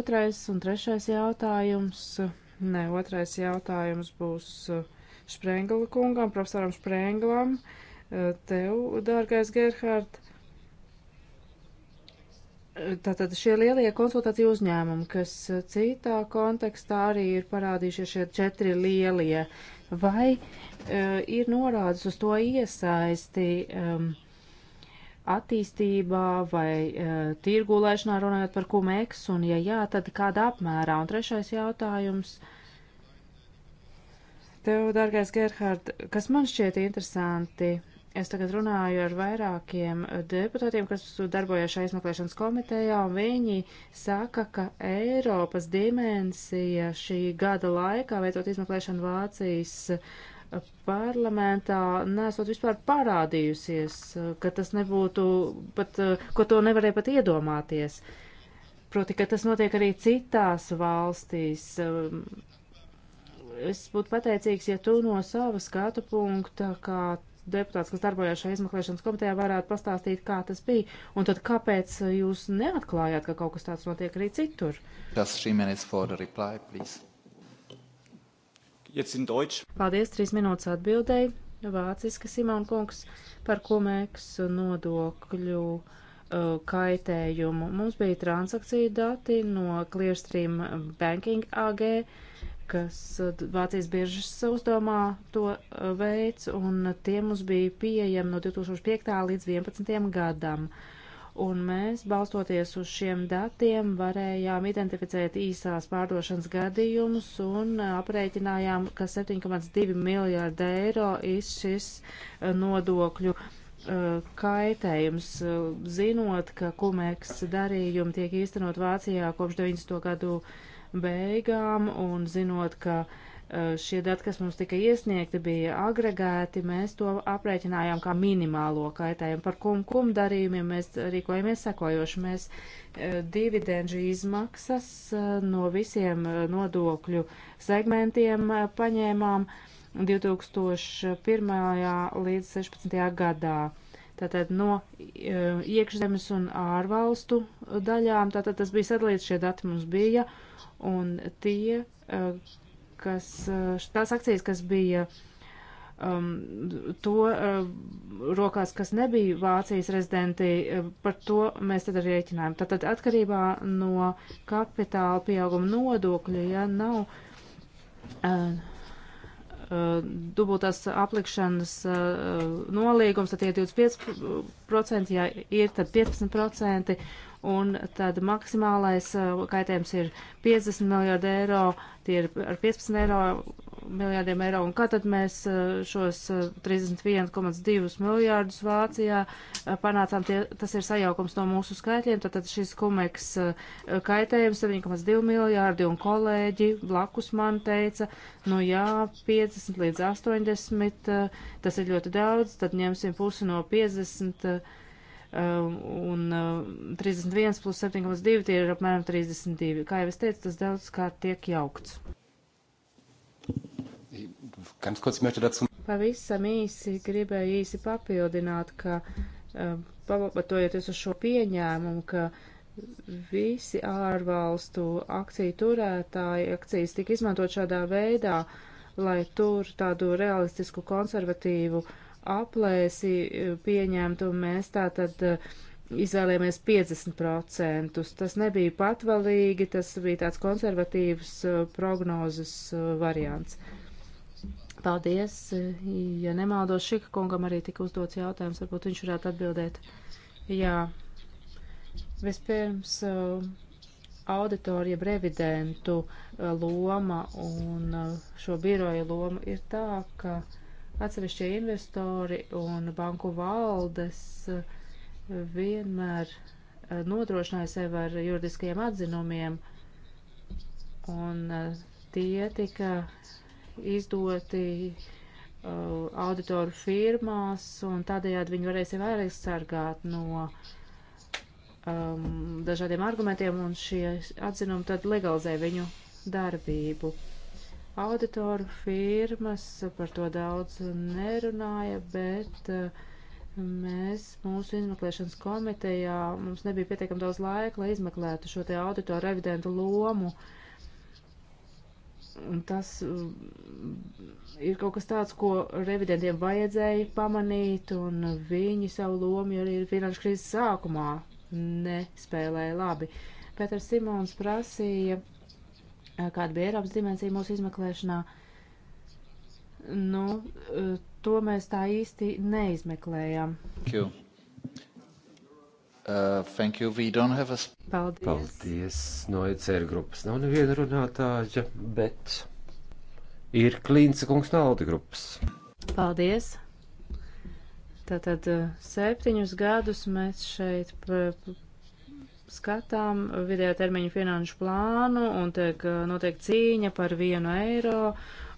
Otrais un trešais jautājums. Nē, otrais jautājums būs Šprengla kungam, profesoram Šprenglam. Tev, dārgais Gerhard, tātad šie lielie konsultāciju uzņēmumi, kas citā kontekstā arī ir parādījušie šie četri lielie vai uh, ir norādes uz to iesaisti um, attīstībā vai uh, e, tirgulēšanā runājot par kumeks, un ja jā, tad kādā apmērā? Un trešais jautājums. Tev, dargais Gerhard, kas man šķiet interesanti, Es tagad runāju ar vairākiem eh, deputātiem, kas darbojas šajā izmeklēšanas komitejā, un viņi saka, ka Eiropas dimensija šī gada laikā, veicot izmeklēšanu Vācijas eh, parlamentā, nesot vispār parādījusies, eh, ka tas nebūtu pat, ko to nevarēja pat iedomāties. Proti, ka tas notiek arī citās valstīs es būtu pateicīgs, ja tu no sava skatu punkta, kā deputāts, kas darbojās šajā izmeklēšanas komitejā, varētu pastāstīt, kā tas bija, un tad kāpēc jūs neatklājāt, ka kaut kas tāds notiek arī citur? Reply, Paldies, trīs minūtes atbildēji. Vāciska Simon kungs par komēks nodokļu uh, kaitējumu. Mums bija transakciju dati no Clearstream Banking AG. Uh, kas eh, Vācijas biežas uzdomā to eh, veids, un tie mums bija pieejami no 2005. līdz 2011. gadam. Un mēs, balstoties uz šiem datiem, varējām identificēt īsās pārdošanas gadījumus un eh, aprēķinājām, ka 7,2 miljārda eiro ir šis nodokļu kaitējums, zinot, ka kumeks darījumi tiek īstenot Vācijā kopš 90. gadu beigām, un zinot, ka eh, šie dati, kas mums tika iesniegti, bija agregēti, mēs to aprēķinājām kā minimālo kaitējumu. Par kum, kum darījumiem mēs rīkojamies sekojoši. Mēs eh, dividendžu izmaksas eh, no visiem nodokļu segmentiem paņēmām 2001. līdz 16. gadā tātad no e, iekšzemes un ārvalstu daļām. Tātad tas bija sadalīts, šie dati mums bija, un tie, e, kas, e, tās akcijas, kas bija um, to um, rokās, kas nebija Vācijas rezidenti, par to mēs tad arī rēķinājām. Tātad atkarībā no kapitāla pieauguma nodokļa, ja nav. Uh, Uh, dubultās aplikšanas uh, nolīgums, tad ir 25%, ja ir, tad 15%, un tad maksimālais uh, kaitējums ir 50 miljārdi eiro, tie ir ar 15 eiro miljārdiem eiro. Un kā tad mēs eh, šos 31,2 eh, miljārdus Vācijā eh, panācām? Tie, tas ir sajaukums no mūsu skaitļiem. Tad, tad šis kumeks kaitējums 7,2 miljārdi un kolēģi blakus man teica, nu jā, 50 līdz 80, tas ir ļoti daudz, tad ņemsim pusi no 50. Un 31 plus 7,2 tie ir apmēram 32. Kā jau es teicu, tas daudz kā tiek jaukts ganz kurz, ich möchte dazu. Pavisam īsi gribēju īsi papildināt, ka um, pamatojoties uz šo pieņēmumu, ka visi ārvalstu akciju turētāji akcijas tika izmantot šādā veidā, lai tur tādu realistisku konservatīvu aplēsi uh, pieņemtu, un mēs tātad uh, izvēlējāmies 50%. Tas nebija patvalīgi, tas bija tāds konservatīvs uh, prognozes variants. Mm. Paldies, ja nemaldos, Šika kungam arī tika uzdots jautājums, varbūt viņš varētu atbildēt. Jā, vispirms eh, auditorija brevidentu eh, loma un eh, šo biroja loma ir tā, ka atsevišķie investori un banku valdes vienmēr nodrošināja sev ar juridiskajiem atzinumiem un tie tika izdoti uh, auditoru firmās, un tādējādi viņi varēs jau vairāk sargāt no um, dažādiem argumentiem, un šie atzinumi tad legalizē viņu darbību. Auditoru firmas par to daudz nerunāja, bet uh, Mēs mūsu izmeklēšanas komitejā, mums nebija pietiekami daudz laika, lai izmeklētu šo te auditoru revidentu lomu tas mm, ir kaut kas tāds, ko revidentiem vajadzēja pamanīt, un viņi savu lomu arī finanšu krīzes sākumā nespēlēja labi. Pēters Simons prasīja, eh, kāda bija Eiropas dimensija mūsu izmeklēšanā. Nu, eh, to mēs tā īsti neizmeklējām. Thank you. Uh, thank you. We don't have a... Paldies. Paldies. No ECR grupas nav neviena runātāja, bet ir Klīnce kungs no Aldi grupas. Paldies. Tātad uh, septiņus gadus mēs šeit skatām vidējā termiņa finanšu plānu un tiek uh, notiek cīņa par vienu eiro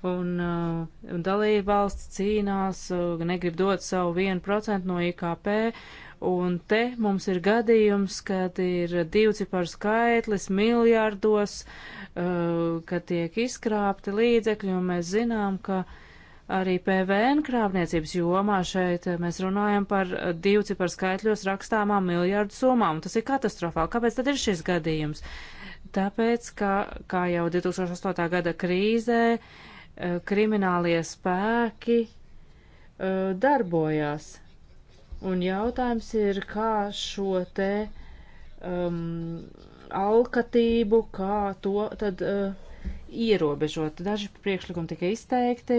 un, uh, un dalība valsts cīnās, negrib dot savu vienu procentu no IKP Un te mums ir gadījums, kad ir divciparu skaitlis miljārdos, uh, kad tiek izkrāpti līdzekļi, un mēs zinām, ka arī PVN krāpniecības jomā šeit uh, mēs runājam par divciparu skaitļos rakstāmām miljārdu summām, un tas ir katastrofāli. Kāpēc tad ir šis gadījums? Tāpēc, ka kā jau 2008. gada krīzē, uh, kriminālie spēki darbojās Un jautājums ir, kā šo te um, alkatību, kā to tad uh, ierobežot. Daži priekšlikumi tika izteikti.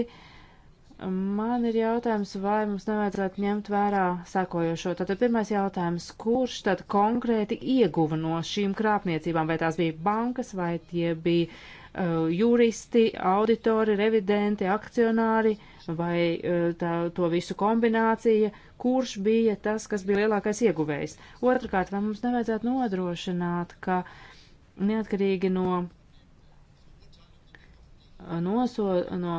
Man ir jautājums, vai mums nevajadzētu ņemt vērā sakojošo. Tātad pirmais jautājums, kurš tad konkrēti ieguva no šīm krāpniecībām? Vai tās bija bankas, vai tie bija uh, Eh, juristi, auditori, revidenti, akcionāri vai eh, tā, to visu kombinācija, kurš bija tas, kas bija lielākais ieguvējs. Otrakārt, vai mums nevajadzētu nodrošināt, ka neatkarīgi no eh, noso, no,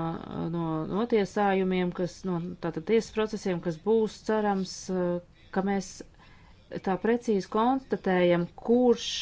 no notiesājumiem, kas, no tātad tiesas procesiem, kas būs cerams, ka mēs tā precīzi konstatējam, kurš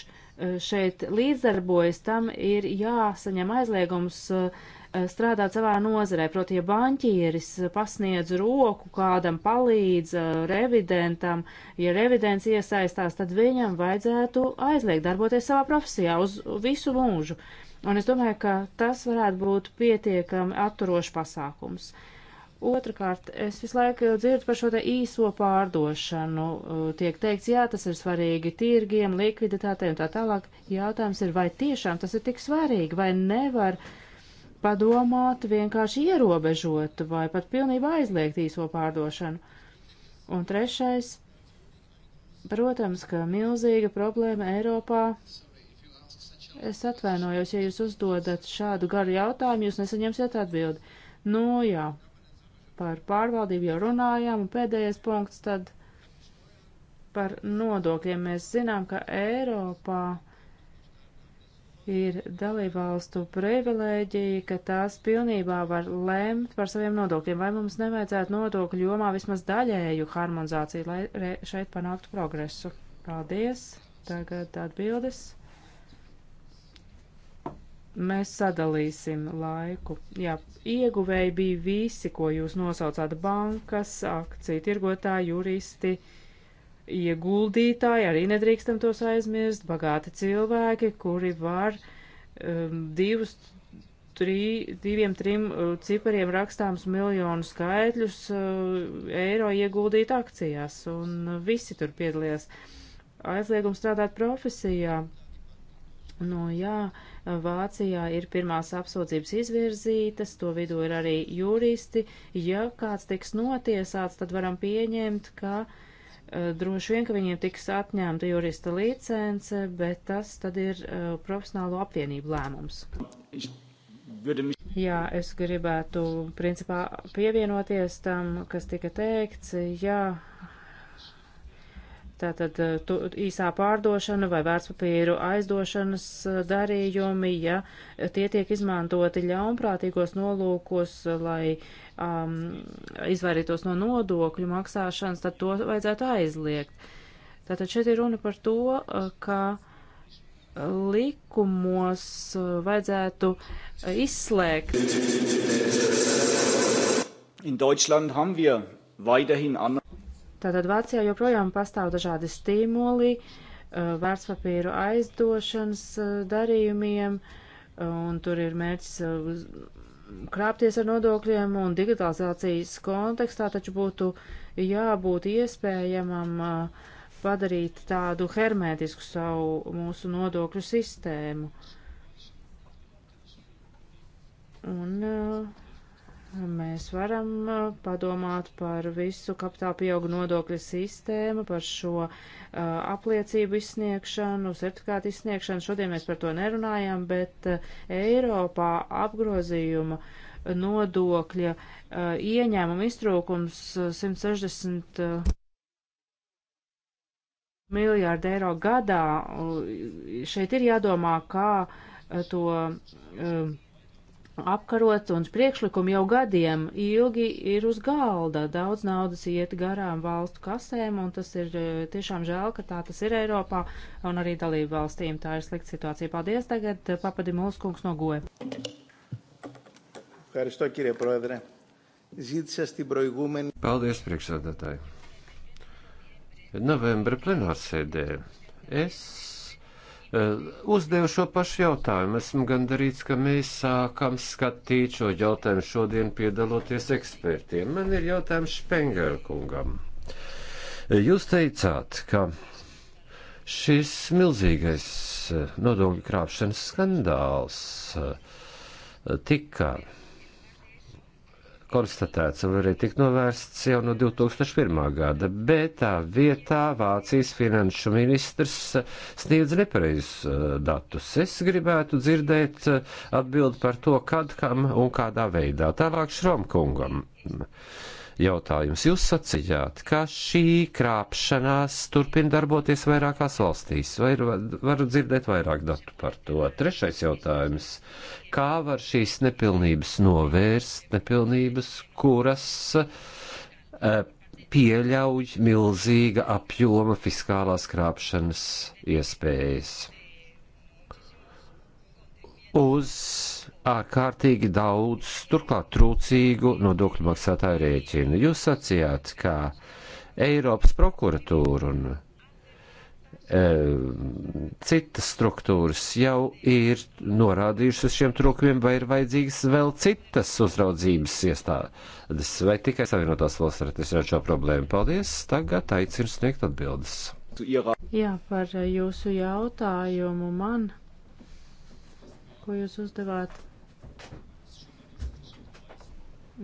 Eh, šeit līdzdarbojas, tam ir jāsaņem aizliegums eh, strādāt savā nozarē. Proti, ja banķieris pasniedz roku kādam palīdz eh, revidentam, ja revidents iesaistās, tad viņam vajadzētu aizliegt darboties savā profesijā uz visu mūžu. Un es domāju, ka tas varētu būt pietiekami atturošs pasākums. Uh, Otrakārt, es visu laiku dzirdu par šo te īso pārdošanu. Uh, tiek teikts, jā, tas ir svarīgi tirgiem, likviditātei un tā tālāk. Jautājums ir, vai tiešām tas ir tik svarīgi, vai nevar padomāt vienkārši ierobežot vai pat pilnībā aizliegt īso pārdošanu. Un trešais, protams, ka milzīga problēma Eiropā Es atvainojos, ja jūs uzdodat šādu garu jautājumu, jūs nesaņemsiet atbildi. Nu, jā, Par pārvaldību jau runājām, un pēdējais punkts tad par nodokļiem. Mēs zinām, ka Eiropā ir dalībvalstu privilēģija, ka tās pilnībā var lemt par saviem nodokļiem, vai mums nevajadzētu nodokļu jomā vismaz daļēju harmonizāciju, lai šeit panāktu progresu. Paldies! Tagad atbildes mēs sadalīsim laiku. Jā, ieguvēji bija visi, ko jūs nosaucāt - bankas, akciju tirgotāji, juristi, ieguldītāji, arī nedrīkstam tos aizmirst, bagāti cilvēki, kuri var um, divus, trī, diviem, trim uh, cipariem rakstāms miljonu skaitļus uh, eiro ieguldīt akcijās, un uh, visi tur piedalījās. Aizliegums strādāt profesijā. Nu, jā, uh, Vācijā ir pirmās apsūdzības izvirzītas, to vidū ir arī juristi. Ja kāds tiks notiesāts, tad varam pieņemt, ka eh, droši vien, ka viņiem tiks atņemta jurista licence, bet tas tad ir eh, profesionālo apvienību lēmums. Jā, es gribētu principā pievienoties tam, kas tika teikts. Jā, Tātad eh, tu, īsā pārdošana vai vērtspapīru aizdošanas eh, darījumi, ja tie tiek izmantoti ļaunprātīgos nolūkos, eh, lai um, izvairītos no nodokļu maksāšanas, tad to vajadzētu aizliegt. Tātad šeit ir runa par to, ka likumos vajadzētu izslēgt. In Deutschland haben wir weiterhin andere. Tātad Vācijā joprojām pastāv dažādi stimuli uh, vērtspapīru aizdošanas uh, darījumiem, un tur ir mērķis uh, krāpties ar nodokļiem un digitalizācijas kontekstā, taču būtu jābūt iespējamam padarīt tādu hermētisku savu mūsu nodokļu sistēmu. Un uh, Mēs varam uh, padomāt par visu kapitāla pieauga nodokļa sistēmu, par šo uh, apliecību izsniegšanu, certifikātu izsniegšanu. Šodien mēs par to nerunājam, bet uh, Eiropā apgrozījuma nodokļa uh, ieņēmuma iztrūkums 160 uh, uh, miljārdu eiro gadā. Šeit ir jādomā, kā to. Uh, apkarot, un priekšlikumi jau gadiem ilgi ir uz galda. Daudz naudas iet garām valstu kasēm, un tas ir eh, tiešām žēl, ka tā tas ir Eiropā, un arī dalību valstīm tā ir slikta situācija. Paldies tagad, eh, papadi mūsu kungs no goja. Paldies, priekšsādātāji. Novembra plenārsēdē es Eh, uzdevu šo pašu jautājumu. Esmu gandarīts, ka mēs sākam skatīt šo jautājumu šodien piedaloties ekspertiem. Man ir jautājums Špengera kungam. Eh, jūs teicāt, ka šis milzīgais eh, nodokļu krāpšanas skandāls tika konstatēts un arī tik novērsts jau no 2001. gada, bet tā vietā Vācijas finanšu ministrs sniedz nepareizus eh, datus. Es gribētu dzirdēt eh, atbildi par to, kad, kam un kādā veidā. Tālāk Šromkungam jautājums. Jūs sacījāt, ka šī krāpšanās turpina darboties vairākās valstīs. Vai varu dzirdēt vairāk datu par to? Trešais jautājums. Kā var šīs nepilnības novērst, nepilnības, kuras uh, pieļauj milzīga apjoma fiskālās krāpšanas iespējas. Uz ārkārtīgi daudz, turklāt trūcīgu nodokļu maksātāju rēķinu. Jūs sacījāt, ka Eiropas prokuratūra un e, citas struktūras jau ir norādījušas uz šiem trūkumiem, vai ir vajadzīgas vēl citas uzraudzības iestādes, vai tikai Savienotās valsts var atrisināt šo problēmu. Paldies! Tagad aicinu sniegt atbildes. Jā, par jūsu jautājumu man, ko jūs uzdevāt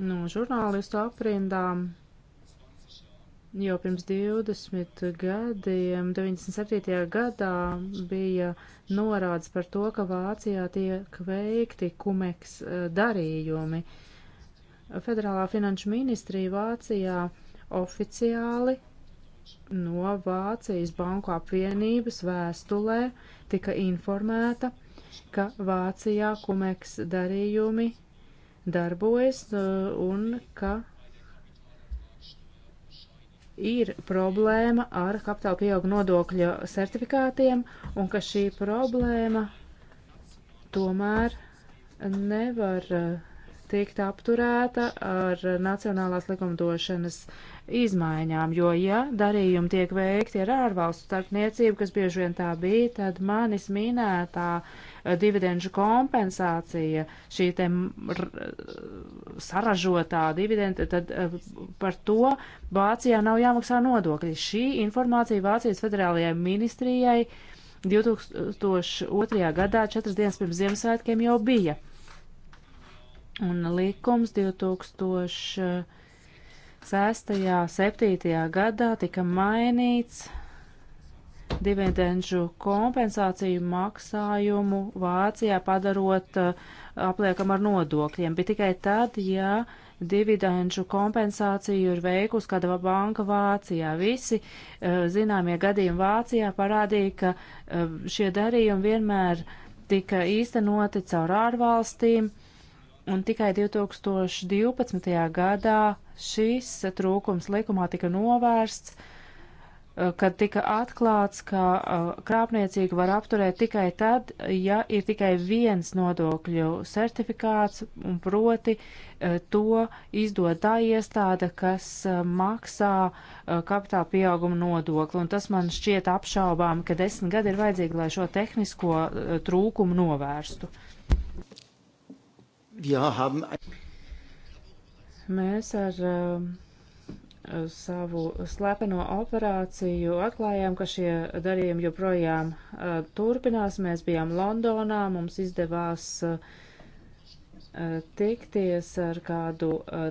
no žurnālistu aprindām jau pirms 20 gadiem, 97. gadā bija norādes par to, ka Vācijā tiek veikti kumeks eh, darījumi. Federālā finanšu ministrija Vācijā oficiāli no Vācijas Banku apvienības vēstulē tika informēta, ka Vācijā kumeks darījumi darbojas uh, un ka ir problēma ar kapitāla pieauga nodokļa certifikātiem un ka šī problēma tomēr nevar uh, tikt apturēta ar nacionālās likumdošanas izmaiņām, jo, ja darījumi tiek veikti ar ārvalstu starpniecību, kas bieži vien tā bija, tad manis minētā uh, Eh, dividenžu kompensācija, šī te saražotā dividenda, tad eh, par to Vācijā nav jāmaksā nodokļi. Šī informācija Vācijas federālajai ministrijai 2002. gadā, četras dienas pirms Ziemassvētkiem, jau bija. Un likums 2006. 7. gadā tika mainīts dividenžu kompensāciju maksājumu Vācijā padarot uh, apliekam ar nodokļiem, bet tikai tad, ja dividenžu kompensāciju ir veikusi kāda banka Vācijā. Visi uh, zināmie gadījumi Vācijā parādīja, ka uh, šie darījumi vienmēr tika īstenoti caur ārvalstīm, un tikai 2012. gadā šis trūkums likumā tika novērsts Eh, kad tika atklāts, ka eh, krāpniecību var apturēt tikai tad, ja ir tikai viens nodokļu certifikāts, un proti eh, to izdod tā iestāde, kas maksā kapitāla pieauguma nodokli. Un tas man šķiet apšaubām, ka desmit gadi ir vajadzīgi, lai šo tehnisko trūkumu novērstu. Jā, mēs ar uh, savu slepeno operāciju atklājām, ka šie darījumi joprojām uh, turpinās. Mēs bijām Londonā, mums izdevās uh, tikties ar kādu uh,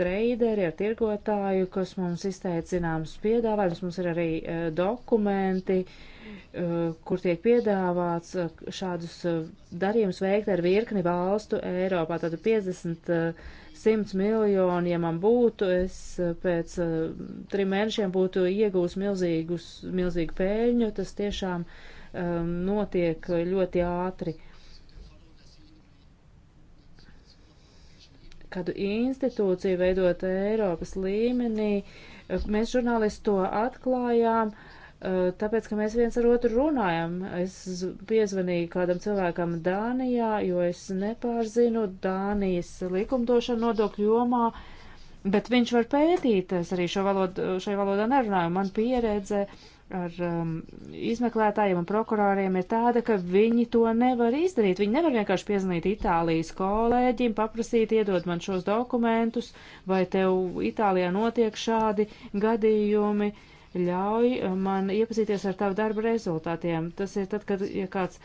treideri, ar tirgotāju, kas mums izteica zināmas piedāvājumus. Mums ir arī uh, dokumenti, uh, kur tiek piedāvāts uh, šādus uh, darījumus veikt ar virkni valstu Eiropā. Tad 50, uh, 100 miljoni, ja man būtu, es uh, pēc uh, trim mēnešiem būtu iegūs milzīgus, milzīgu pēļņu. Tas tiešām um, notiek ļoti ātri. Uh, kādu institūciju veidot Eiropas līmenī. Mēs žurnālisti to atklājām, eh, tāpēc, ka mēs viens ar otru runājam. Es piezvanīju kādam cilvēkam Dānijā, jo es nepārzinu Dānijas likumdošanu nodokļu jomā, bet viņš var pētīt. Es arī šo valodu, šai valodā nerunāju. Man pieredze ar um, izmeklētājiem un prokuroriem ir tāda, ka viņi to nevar izdarīt. Viņi nevar vienkārši piezvanīt Itālijas kolēģim, paprasīt, iedod man šos dokumentus, vai tev Itālijā notiek šādi gadījumi, ļauj man iepazīties ar tavu darbu rezultātiem. Tas ir tad, kad ja kāds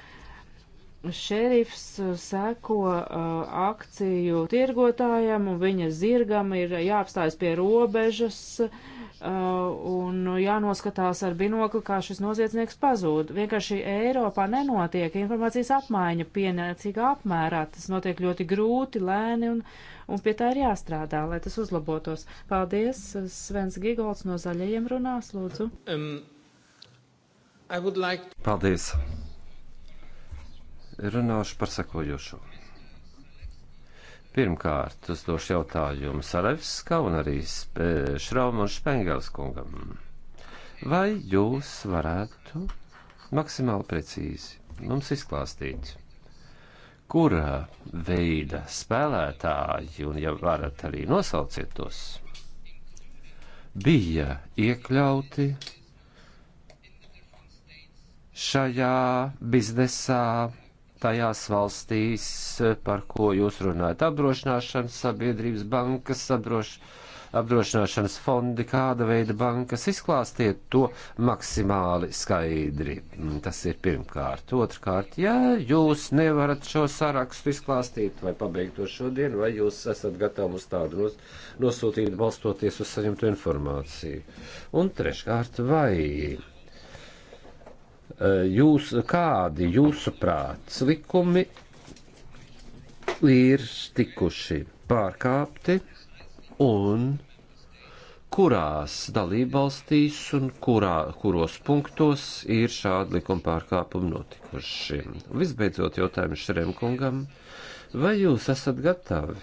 šerifs uh, seko uh, akciju tirgotājam un viņa zirgam ir jāapstājas pie robežas uh, un jānoskatās ar binokli, kā šis noziedznieks pazūd. Vienkārši Eiropā nenotiek informācijas apmaiņa pienācīgā apmērā. Tas notiek ļoti grūti, lēni un, un pie tā ir jāstrādā, lai tas uzlabotos. Paldies, uh, Svens Gigolds no Zaļajiem runās, lūdzu. Um, like... Paldies runāšu par sekojošo. Pirmkārt, uzdošu jautājumu Sarevska un arī Šrauma un Špengels kungam. Vai jūs varētu maksimāli precīzi mums izklāstīt, kura veida spēlētāji, un ja varat arī nosauciet tos, bija iekļauti šajā biznesā tajās valstīs, eh, par ko jūs runājat. Apdrošināšanas sabiedrības bankas, apdroš, apdrošināšanas fondi, kāda veida bankas, izklāstiet to maksimāli skaidri. Mm, tas ir pirmkārt. Otrkārt, ja jūs nevarat šo sarakstu izklāstīt vai pabeigt to šodien, vai jūs esat gatavi uz tādu nos, nosūtīt balstoties uz saņemto informāciju. Un treškārt, vai Eh, jūs, kādi jūsu prāts likumi ir tikuši pārkāpti un kurās dalībvalstīs un kurā, kuros punktos ir šādi likuma pārkāpumi notikuši. Visbeidzot, jautājums Šremkungam, vai jūs esat gatavi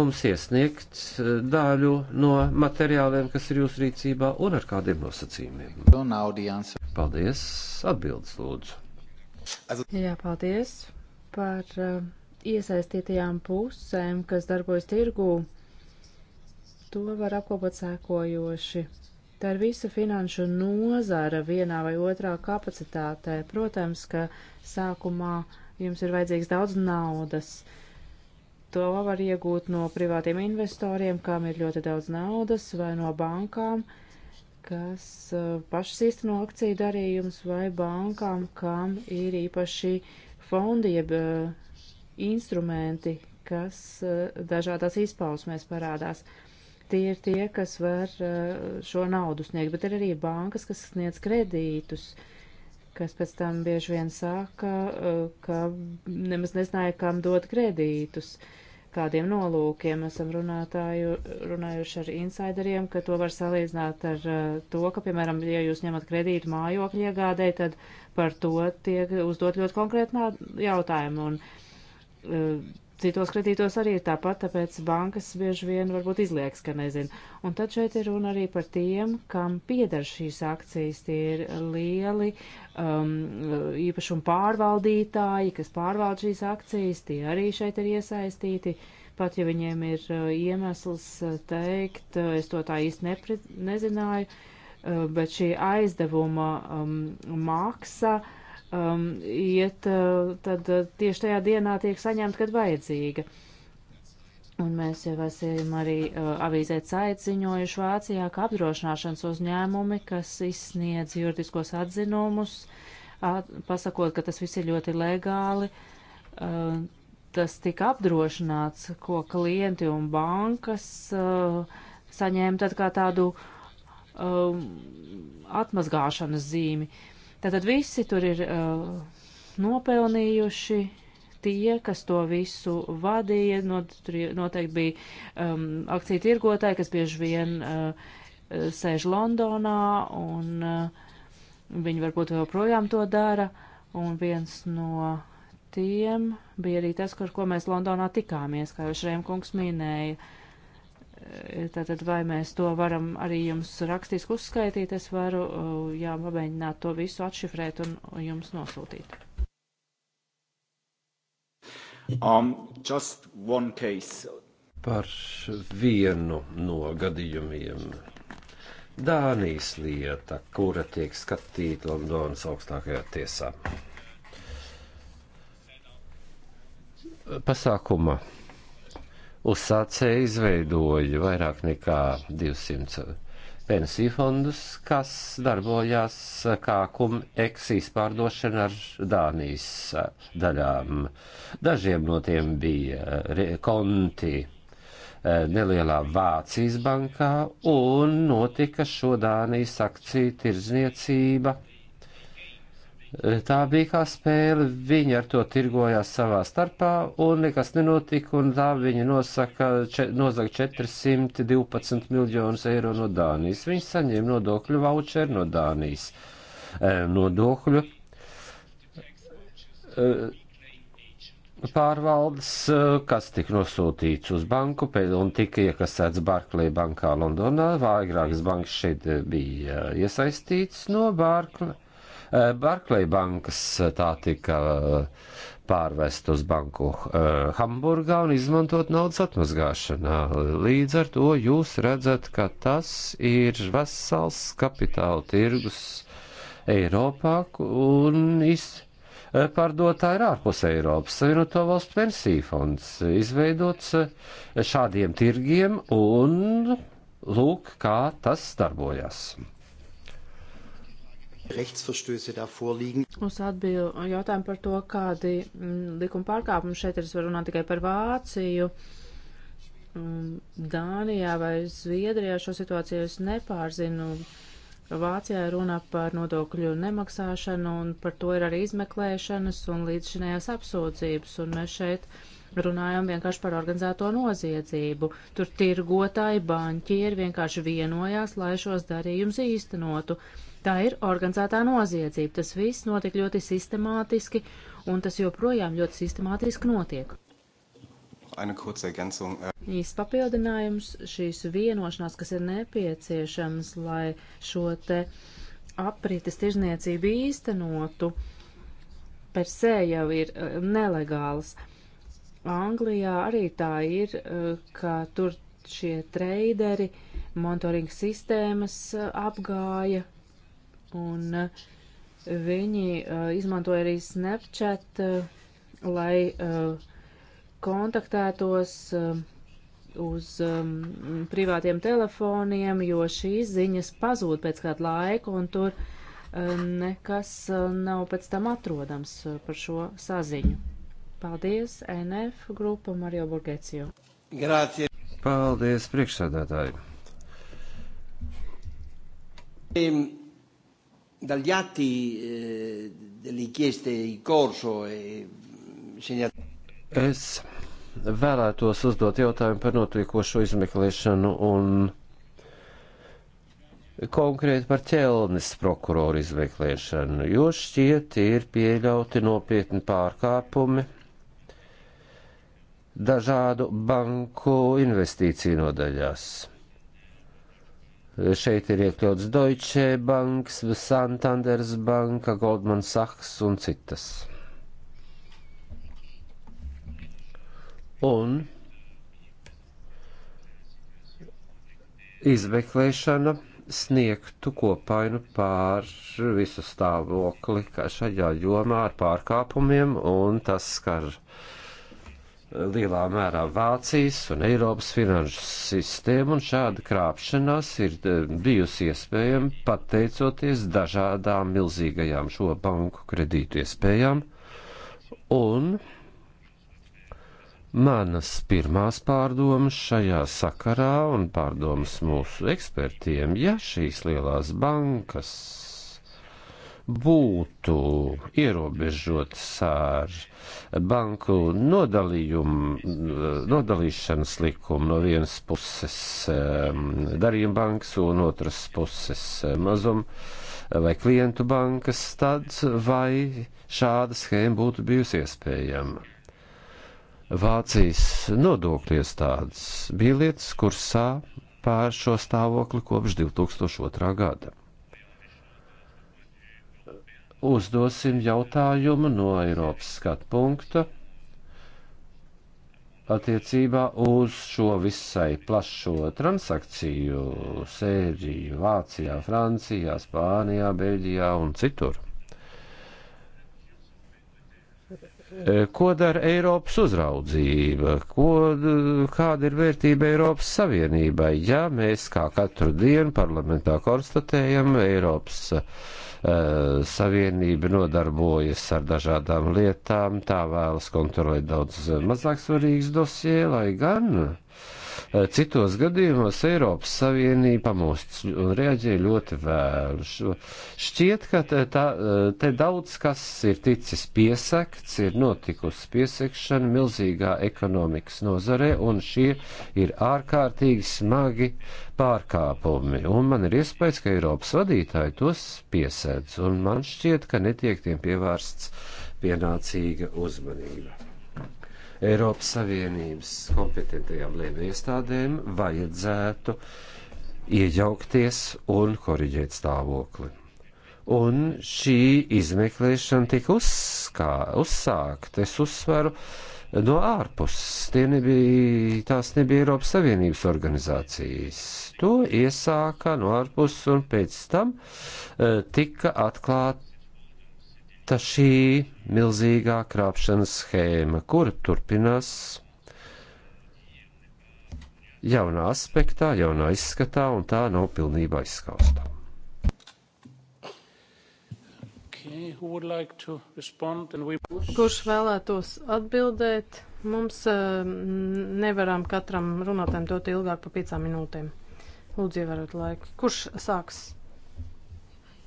mums iesniegt eh, daļu no materiāliem, kas ir jūsu rīcībā un ar kādiem nosacījumiem? Paldies! Atbildes lūdzu! Jā, paldies par uh, iesaistītajām pusēm, kas darbojas tirgū. To var apkopot sēkojoši. Tā ir visa finanšu nozara vienā vai otrā kapacitātē. Protams, ka sākumā jums ir vajadzīgs daudz naudas. To var iegūt no privātiem investoriem, kam ir ļoti daudz naudas, vai no bankām, kas eh, pašas īsteno akciju darījumus vai bankām, kam ir īpaši fondi jeb eh, instrumenti, kas eh, dažādās izpausmēs parādās. Tie ir tie, kas var šo naudu sniegt, bet ir arī bankas, kas sniedz kredītus, kas pēc tam bieži vien saka, ka nemaz nezināja, kam dot kredītus. Uh, kādiem nolūkiem. Esam runātāju, runājuši ar insideriem, ka to var salīdzināt ar uh, to, ka, piemēram, ja jūs ņemat kredītu mājokļu iegādē, tad par to tiek uzdot ļoti konkrēti jautājumi. Un, uh, citos kredītos arī ir tāpat, tāpēc bankas bieži vien varbūt izlieks, ka nezin. Un tad šeit ir runa arī par tiem, kam pieder šīs akcijas. Tie ir lieli um, īpašumu pārvaldītāji, kas pārvalda šīs akcijas, tie arī šeit ir iesaistīti. Pat ja viņiem ir uh, iemesls uh, teikt, uh, es to tā īsti nepre, nezināju, bet šī aizdevuma um, maksa uh, um, iet, uh, tad uh, tieši tajā dienā tiek saņemta, kad vajadzīga. Un mēs jau esam arī uh, avīzē cait ziņojuši Vācijā, ka apdrošināšanas uzņēmumi, kas izsniedz juridiskos atzinumus, at, pasakot, ka tas viss ir ļoti legāli, uh, tas tika apdrošināts, ko klienti un bankas uh, saņēma tad kā tādu uh, atmazgāšanas zīmi. Uh, Tātad visi tur ir uh, nopelnījuši, tie, kas to visu vadīja, not, tur noteikti bija um, akciju tirgotāji, kas bieži vien uh, uh, sēž Londonā, un uh, viņi varbūt joprojām to dara, un viens no tiem bija arī tas, ar ko mēs Londonā tikāmies, kā jau Šrēmkungs minēja. Uh, Eh, tātad vai mēs to varam arī jums rakstiski uzskaitīt, es varu eh, jā, pamēģināt to visu atšifrēt un jums nosūtīt. Um, just one case. Par vienu no gadījumiem. Dānijas lieta, kura tiek skatīta Londonas augstākajā tiesā. Pasākuma uzsācēji izveidoja vairāk nekā 200 pensiju fondus, kas darbojās kā kum eksīs pārdošana ar Dānijas daļām. Dažiem no tiem bija konti e, nelielā Vācijas bankā un notika šo Dānijas akciju tirzniecība Tā bija kā spēle, viņi ar to tirgojās savā starpā, un nekas nenotika, un tā viņi nosaka, če, nozaga 412 miljonus eiro no Dānijas. Viņi saņēma nodokļu voucheru no Dānijas e, nodokļu e, pārvaldes, e, kas tika nosūtīts uz banku un tika iekasēts Barklī bankā Londonā. Vāgrākas bankas šeit bija iesaistīts no Barklī Eh, Barclay bankas eh, tā tika eh, pārvest uz banku Hamburgā un izmantot naudas atmazgāšanā. Līdz ar to jūs redzat, ka tas ir vesels kapitāla tirgus Eiropā un izmantot pārdotāji ir ārpus Eiropas Savienoto Valstu pensiju fonds, izveidots šādiem tirgiem, un lūk, kā tas darbojas. Rechtsverstöße da vorliegen. Uz atbildu jautājumu par to, kādi mm, likuma pārkāpumi šeit ir, es varu runāt tikai par Vāciju. Mm, Dānijā vai Zviedrijā šo situāciju es nepārzinu. Vācijā runā par nodokļu nemaksāšanu un par to ir arī izmeklēšanas un līdzšinējās apsūdzības. Un mēs šeit runājam vienkārši par organizēto noziedzību. Tur tirgotāji, banķieri vienkārši vienojās, lai šos darījumus īstenotu. Uh, Tā ir organizētā noziedzība. Tas viss notiek ļoti sistemātiski, un tas joprojām ļoti sistemātiski notiek. Äh, Īsts papildinājums šīs vienošanās, kas ir nepieciešams, lai šo te aprites tirzniecību īstenotu, per se jau ir äh, nelegāls. Anglijā arī tā ir, äh, ka tur šie treideri monitoringa sistēmas apgāja un eh, viņi eh, izmantoja arī Snapchat, eh, lai kontaktētos uz um, privātiem telefoniem, jo šīs ziņas pazūd pēc kādu laiku, un tur um, nekas uh, nav pēc tam atrodams uh, par šo saziņu. Paldies, NF grupa Mario Borgecio. Grācie. Paldies, priekšsādātāji. Um. Ehm, Dagli atti eh, delle inchieste in corso e segnalati. Es vēlētos uzdot jautājumu par notiekošo izmeklēšanu un konkrēti par ķelnes prokuroru izmeklēšanu, jo šķiet ir pieļauti nopietni pārkāpumi dažādu banku investīciju nodaļās. Šeit ir iekļauts Deutsche Banks, Santanders Banka, Goldman Sachs un citas. Un izmeklēšana sniegtu kopainu pār visu stāvokli šajā jomā ar pārkāpumiem, un tas skar uh, lielā mērā Vācijas un Eiropas finanšu sistēmu, un šāda krāpšanās ir e, bijusi iespējama pateicoties dažādām milzīgajām šo banku kredītu iespējām. Un manas pirmās pārdomas šajā sakarā un pārdomas mūsu ekspertiem, ja šīs lielās bankas būtu ierobežotas ar banku nodalīšanas likumu no vienas puses um, darījuma bankas un otras puses um, mazuma vai klientu bankas, tad vai šāda schēma būtu bijusi iespējama? Vācijas nodokļu iestādes bija lietas kursā pār šo stāvokli kopš 2002. gada uzdosim jautājumu no Eiropas skatu punkta attiecībā uz šo visai plašo transakciju sēriju Vācijā, Francijā, Spānijā, Beļģijā un citur. Ko dara Eiropas uzraudzība? Ko, kāda ir vērtība Eiropas Savienībai? Ja mēs kā katru dienu parlamentā konstatējam Eiropas uh, Eh, savienība nodarbojas ar dažādām lietām, tā vēlas kontrolēt daudz mazāk svarīgas dosie, lai gan uh, Eh, citos gadījumos Eiropas Savienība pamostas un reaģēja ļoti vēlu. Šķiet, ka te, tā, eh, te daudz kas ir ticis piesekts, ir notikusi piesekšana milzīgā ekonomikas nozarē, un šie ir ārkārtīgi smagi pārkāpumi. Un man ir iespējas, ka Eiropas vadītāji tos piesedz, un man šķiet, ka netiek tiem pievērsts pienācīga uzmanība. Eiropas Savienības kompetentajām lēmējiestādēm vajadzētu iejaukties un koriģēt stāvokli. Un šī izmeklēšana tika uzskā, uzsākta, es uzsveru, no ārpuses. Tie nebija, tās nebija Eiropas Savienības organizācijas. To iesāka no ārpuses un pēc tam uh, tika atklāta izskata šī milzīgā krāpšanas schēma, kura turpinās jaunā aspektā, jaunā izskatā, un tā nav pilnībā izskausta. Okay, like we... Kurš vēlētos atbildēt? Mums uh, nevaram katram runātājam dot ilgāk par piecām minūtēm. Lūdzu, ievērot laiku. Kurš sāks?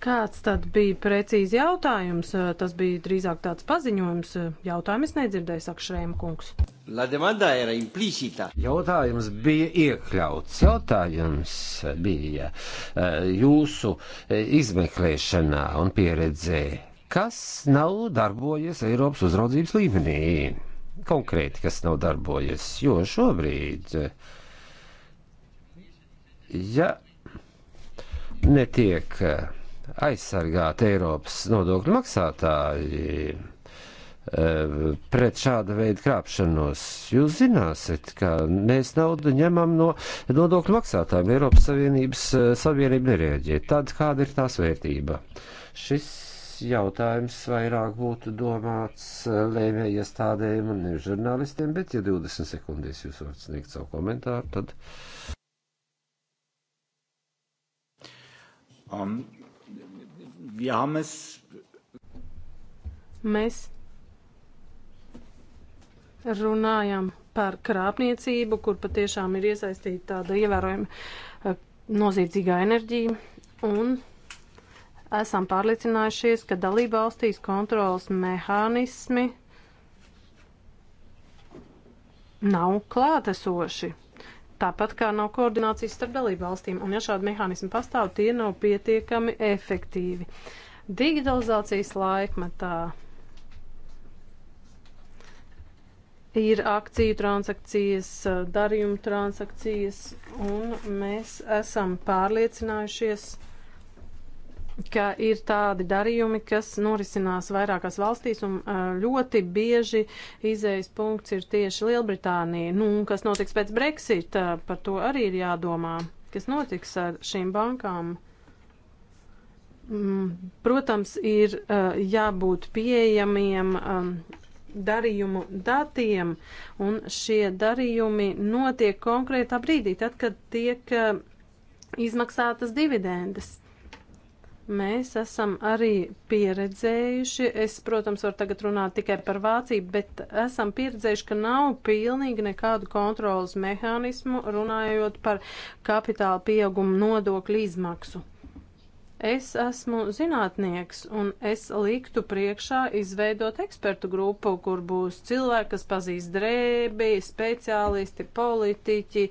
Kāds tad bija precīzi jautājums? Eh, tas bija drīzāk tāds paziņojums. Eh, jautājumu es nedzirdēju, saka Šrēma kungs. La demanda era implicita. Jautājums bija iekļauts. Jautājums bija eh, jūsu izmeklēšanā un pieredzē, kas nav darbojies Eiropas uzraudzības līmenī. Konkrēti, kas nav darbojies, jo šobrīd, ja netiek aizsargāt Eiropas nodokļu maksātāji e, pret šāda veida krāpšanos. Jūs zināsiet, ka mēs naudu ņemam no nodokļu maksātājiem. Eiropas Savienības e, Savienība nereaģē. Tad kāda ir tās vērtība? Šis jautājums vairāk būtu domāts e, lēmēju iestādēm un nevis žurnālistiem, bet ja 20 sekundēs jūs varat sniegt savu komentāru, tad. Um, wir haben es. Mēs runājam par krāpniecību, kur patiešām ir iesaistīta tāda ievērojama eh, noziedzīgā enerģija. Un esam pārliecinājušies, ka dalība valstīs kontrolas mehānismi nav klātesoši. Tāpat kā nav koordinācijas starp dalību valstīm, un ja šādi mehānismi pastāv, tie nav pietiekami efektīvi. Digitalizācijas laikmetā ir akciju transakcijas, darījumu transakcijas, un mēs esam pārliecinājušies, ka ka ir tādi darījumi, kas norisinās vairākās valstīs, un ļoti bieži izējas punkts ir tieši Lielbritānija. Nu, kas notiks pēc Brexit, par to arī ir jādomā. Kas notiks ar šīm bankām? Mm, protams, ir jābūt pieejamiem darījumu datiem, un šie darījumi notiek konkrētā brīdī, tad, kad tiek izmaksātas dividendes. Mēs esam arī pieredzējuši, es, protams, varu tagad runāt tikai par Vāciju, bet esam pieredzējuši, ka nav pilnīgi nekādu kontrolas mehānismu runājot par kapitāla pieaugumu nodokļu izmaksu. Es esmu zinātnieks, un es liktu priekšā izveidot ekspertu grupu, kur būs cilvēki, kas pazīst drēbi, speciālisti, politiķi,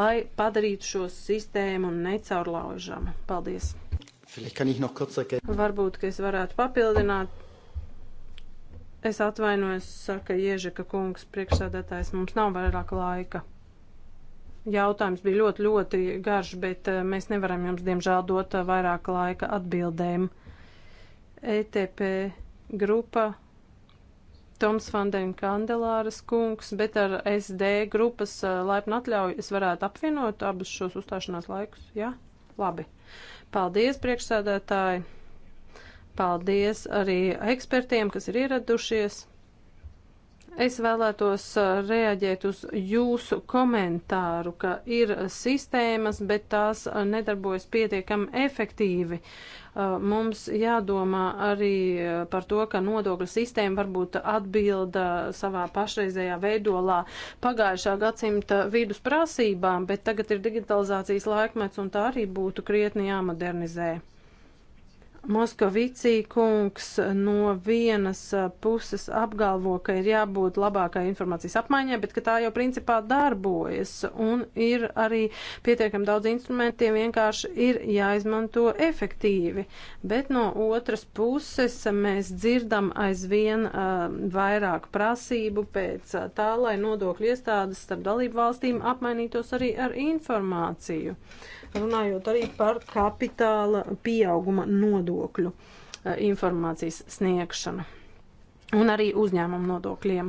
lai padarītu šo sistēmu necaurlaužamu. Paldies! Varbūt, ka es varētu papildināt. Es atvainojos, saka Iežeka kungs, priekšsēdētājs, mums nav vairāk laika. Jautājums bija ļoti, ļoti garš, bet eh, mēs nevaram jums, diemžēl, dot eh, vairāk laika atbildēm. ETP grupa Toms Fanden Kandelāras kungs, bet ar SD grupas eh, laipnu atļauju es varētu apvienot abus šos uzstāšanās laikus, jā? Ja? Labi. Paldies, priekšsēdētāji! Paldies arī ekspertiem, kas ir ieradušies! Es vēlētos uh, reaģēt uz jūsu komentāru, ka ir sistēmas, bet tās uh, nedarbojas pietiekami efektīvi. Uh, mums jādomā arī par to, ka nodokļu sistēma varbūt atbilda savā pašreizējā veidolā pagājušā gadsimta vidus prasībām, bet tagad ir digitalizācijas laikmets un tā arī būtu krietni jāmodernizē. Moskovicī kungs no vienas puses apgalvo, ka ir jābūt labākai informācijas apmaiņai, bet ka tā jau principā darbojas un ir arī pietiekami daudz instrumentu, tie vienkārši ir jāizmanto efektīvi. Bet no otras puses mēs dzirdam aizvien uh, vairāk prasību pēc uh, tā, lai nodokļu iestādes starp dalību valstīm apmainītos arī ar informāciju. Uh, runājot arī par kapitāla pieauguma nodokļu eh, informācijas sniegšanu un arī uzņēmumu nodokļiem.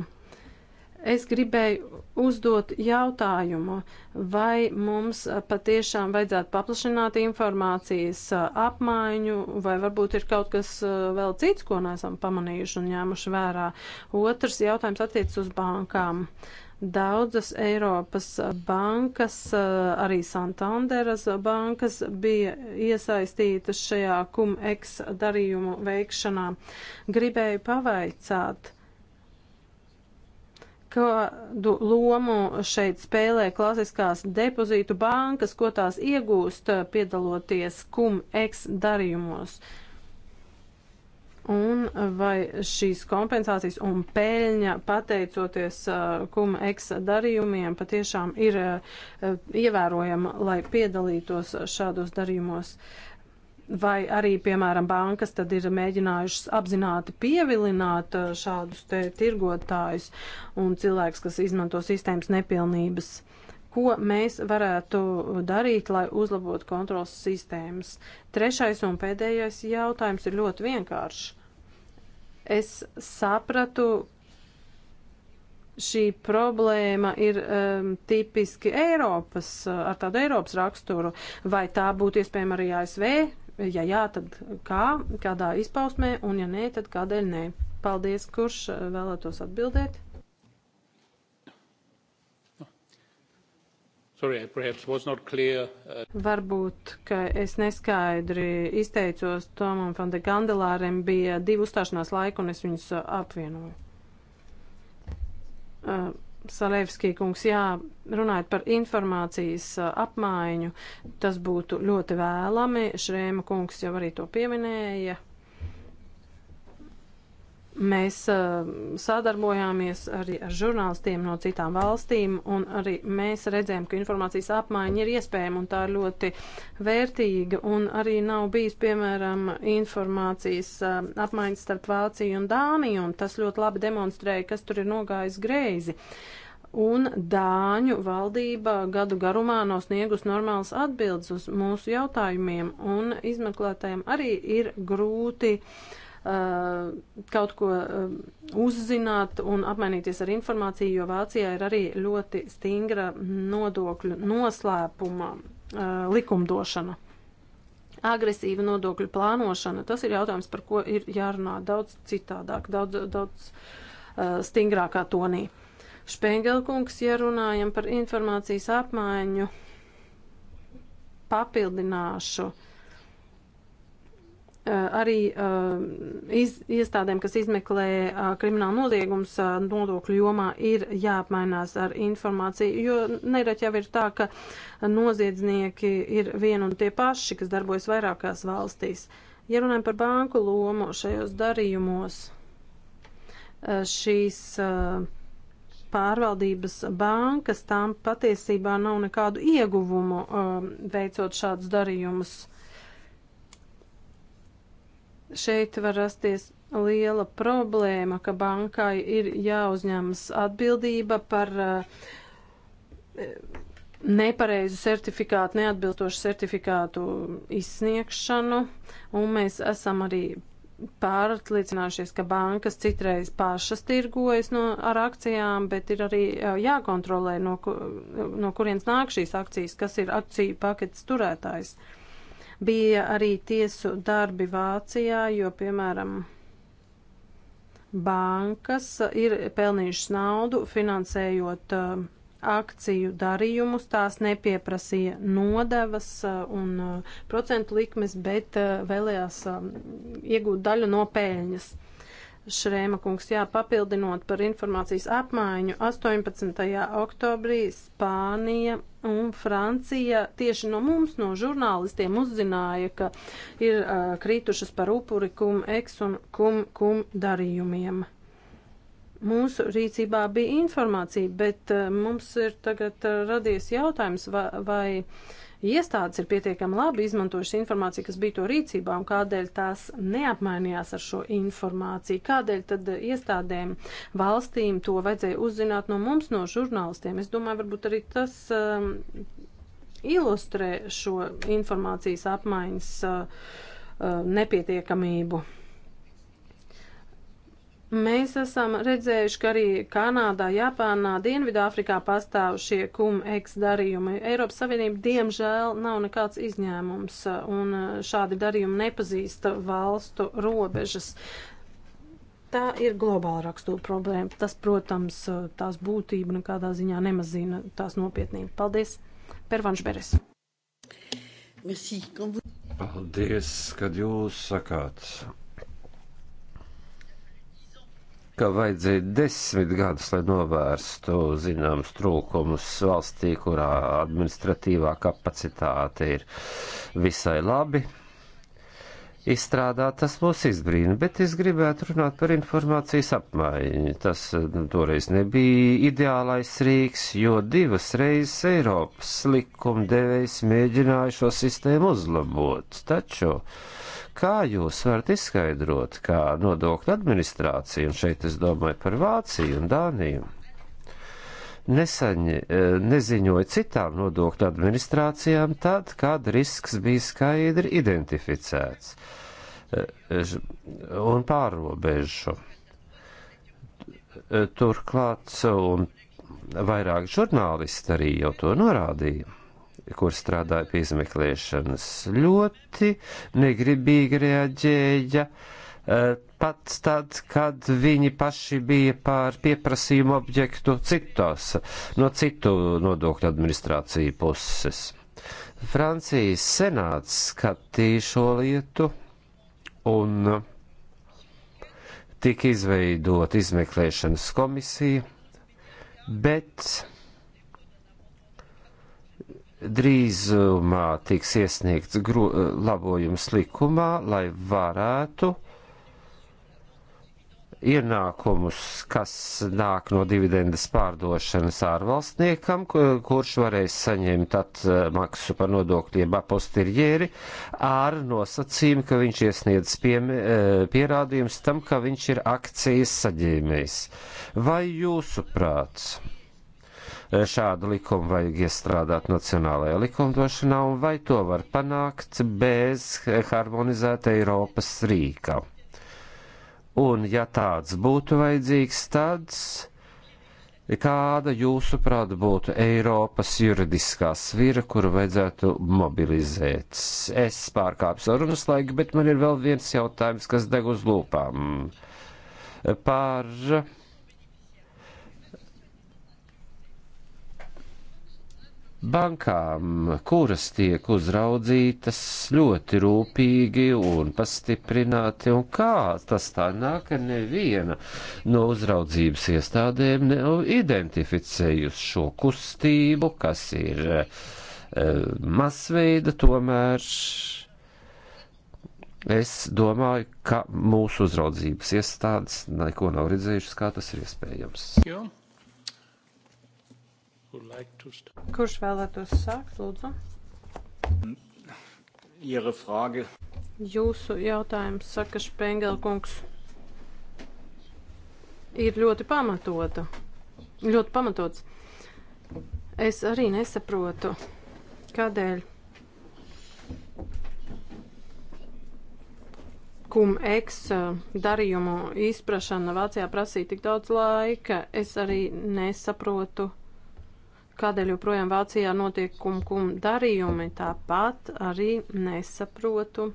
Es gribēju uzdot jautājumu, vai mums eh, patiešām vajadzētu paplašināt informācijas eh, apmaiņu, vai varbūt ir kaut kas vēl cits, ko neesam pamanījuši un ņēmuši vērā. Otrs jautājums attiec uz bankām. Uh, Daudzas Eiropas bankas, eh, arī Santanderas bankas bija iesaistītas šajā cum-ex darījumu veikšanā. Gribēju pavaicāt kādu lomu šeit spēlē klasiskās depozītu bankas, ko tās iegūst eh, piedaloties kum eks darījumos. Uh, un vai šīs kompensācijas un peļņa pateicoties uh, kuma eksa darījumiem patiešām ir uh, uh, ievērojama, lai piedalītos šādos darījumos. Vai arī, piemēram, bankas tad ir mēģinājušas apzināti pievilināt uh, šādus te tirgotājus un cilvēks, kas izmanto sistēmas nepilnības ko mēs varētu darīt, lai uzlabotu kontrolas sistēmas. Trešais un pēdējais jautājums ir ļoti vienkāršs. Es sapratu, šī problēma ir um, tipiski Eiropas, uh, ar tādu Eiropas raksturu, vai tā būtu iespējama arī ASV? Ja jā, tad kā, kādā izpausmē, un ja nē, tad kādēļ nē? Paldies, kurš uh, vēlētos atbildēt? Sorry, uh, Varbūt, ka es neskaidri izteicos, Tomam van de Gandelārem bija divi uzstāšanās laika, un es viņus uh, apvienoju. Uh, Salevskī kungs, jā, runājot par informācijas uh, apmaiņu, tas būtu ļoti vēlami. Šrēma kungs jau arī to pieminēja. Mēs uh, sadarbojāmies arī ar žurnālistiem no citām valstīm, un arī mēs redzējām, ka informācijas apmaiņa ir iespējama un tā ir ļoti vērtīga, un arī nav bijis, piemēram, informācijas uh, apmaiņas starp Vāciju un Dāniju, un tas ļoti labi demonstrēja, kas tur ir nogājis greizi. Un Dāņu valdība gadu garumā nav sniegus normālas atbildes uz mūsu jautājumiem, un izmeklētājiem arī ir grūti uh, Uh, kaut ko uh, uzzināt un apmainīties ar informāciju, jo Vācijā ir arī ļoti stingra nodokļu noslēpuma uh, likumdošana. Agresīva nodokļu plānošana, tas ir jautājums, par ko ir jārunā daudz citādāk, daudz, daudz uh, stingrākā tonī. Špengelkungs, ja runājam par informācijas apmaiņu, papildināšu uh, Eh, arī eh, iz, iestādēm, kas izmeklē eh, kriminālu noziegumus nodokļu jomā, ir jāapmainās ar informāciju, jo nerad jau ir tā, ka noziedznieki ir vien un tie paši, kas darbojas vairākās valstīs. Ja runājam par banku lomu šajos darījumos, šīs pārvaldības bankas tām patiesībā nav nekādu ieguvumu veicot šādus darījumus Šeit var rasties liela problēma, ka bankai ir jāuzņemas atbildība par eh, nepareizu certifikātu, neatbilstošu certifikātu izsniegšanu, un mēs esam arī pārliecinājušies, ka bankas citreiz pašas tirgojas no, ar akcijām, bet ir arī eh, jākontrolē, no, no kurienes nāk šīs akcijas, kas ir akciju paketes turētājs. Uh, Bija arī tiesu darbi Vācijā, jo, piemēram, bankas ir pelnījušas naudu finansējot uh, akciju darījumus, tās nepieprasīja nodevas uh, un uh, procentu likmes, bet uh, vēlējās um, iegūt daļu no peļņas. Šrēma kungs, jā, papildinot par informācijas apmaiņu, 18. oktobrī Spānija un Francija tieši no mums, no žurnālistiem, uzzināja, ka ir uh, kritušas par upuri kum eks un kum kum darījumiem. Mūsu rīcībā bija informācija, bet uh, mums ir tagad uh, radies jautājums, vai. vai uh, iestādes ir pietiekami labi izmantojušas informāciju, kas bija to rīcībā, un kādēļ tās neapmainījās ar šo informāciju, kādēļ tad iestādēm valstīm to vajadzēja uzzināt no mums, no žurnālistiem. Es domāju, varbūt arī tas um, ilustrē šo informācijas apmaiņas uh, uh, nepietiekamību. Mēs esam redzējuši, ka arī Kanādā, Japānā, Dienvidāfrikā pastāv šie kumeks darījumi. Eiropas Savienība diemžēl nav nekāds izņēmums, uh, un uh, šādi darījumi nepazīsta valstu robežas. Tā ir globāla rakstura problēma. Tas, protams, uh, tās būtība nekādā ziņā nemazina tās nopietnību. Paldies, Pervanš Beres! Paldies, kad jūs sakāt ka vajadzēja desmit gadus, lai novērstu zināmas trūkumus valstī, kurā administratīvā kapacitāte ir visai labi. Izstrādāt tas mūs izbrīna, bet es gribētu runāt par informācijas apmaiņu. Tas nu, toreiz nebija ideālais rīks, jo divas reizes Eiropas likumdevējs mēģināja šo sistēmu uzlabot. Taču Kā jūs varat izskaidrot, kā nodokļu administrācija, un šeit es domāju par Vāciju un Dāniju, nesaņi, eh, neziņoja citām nodokļu administrācijām tad, kad risks bija skaidri identificēts eh, un pārrobežu. Eh, turklāt, un vairāk žurnālisti arī jau to norādīja kur strādāja pie izmeklēšanas, ļoti negribīgi reaģēja eh, pats tad, kad viņi paši bija pār pieprasījumu objektu citos, no citu nodokļu administrāciju puses. Francijas senāts skatīja šo lietu un tika izveidot izmeklēšanas komisija, bet drīzumā tiks iesniegts gro, labojums likumā, lai varētu ienākumus, kas nāk no dividendes pārdošanas ārvalstniekam, kurš varēs saņemt atmaksu par nodokļiem apostirjēri, ar nosacījumu, ka viņš iesniedz pie, eh, pierādījums tam, ka viņš ir akcijas saģēmējs. Vai jūsuprāt? Eh, šādu likumu vajag iestrādāt nacionālajā likumdošanā, un vai to var panākt bez harmonizēta Eiropas rīka. Un, ja tāds būtu vajadzīgs, tad kāda jūsuprāt būtu Eiropas juridiskā svira, kuru vajadzētu mobilizēt? Es pārkāpu sarunas laiku, bet man ir vēl viens jautājums, kas deg uz lūpām. Par bankām, kuras tiek uzraudzītas ļoti rūpīgi un pastiprināti, un kā tas tā nāk, ka neviena no uzraudzības iestādēm nav identificējusi šo kustību, kas ir e, masveida tomēr. Es domāju, ka mūsu uzraudzības iestādes neko nav redzējušas, kā tas ir iespējams. Jo. Kurš vēlētos sākt, lūdzu? Ihre Frage. Jūsu jautājums, saka Špengelkungs, ir ļoti pamatota. Ļoti pamatots. Es arī nesaprotu, kādēļ kum eks eh, darījumu izprašana Vācijā prasīja tik daudz laika. Es arī nesaprotu kādēļ joprojām Vācijā notiek kumkum darījumi, tāpat arī nesaprotu,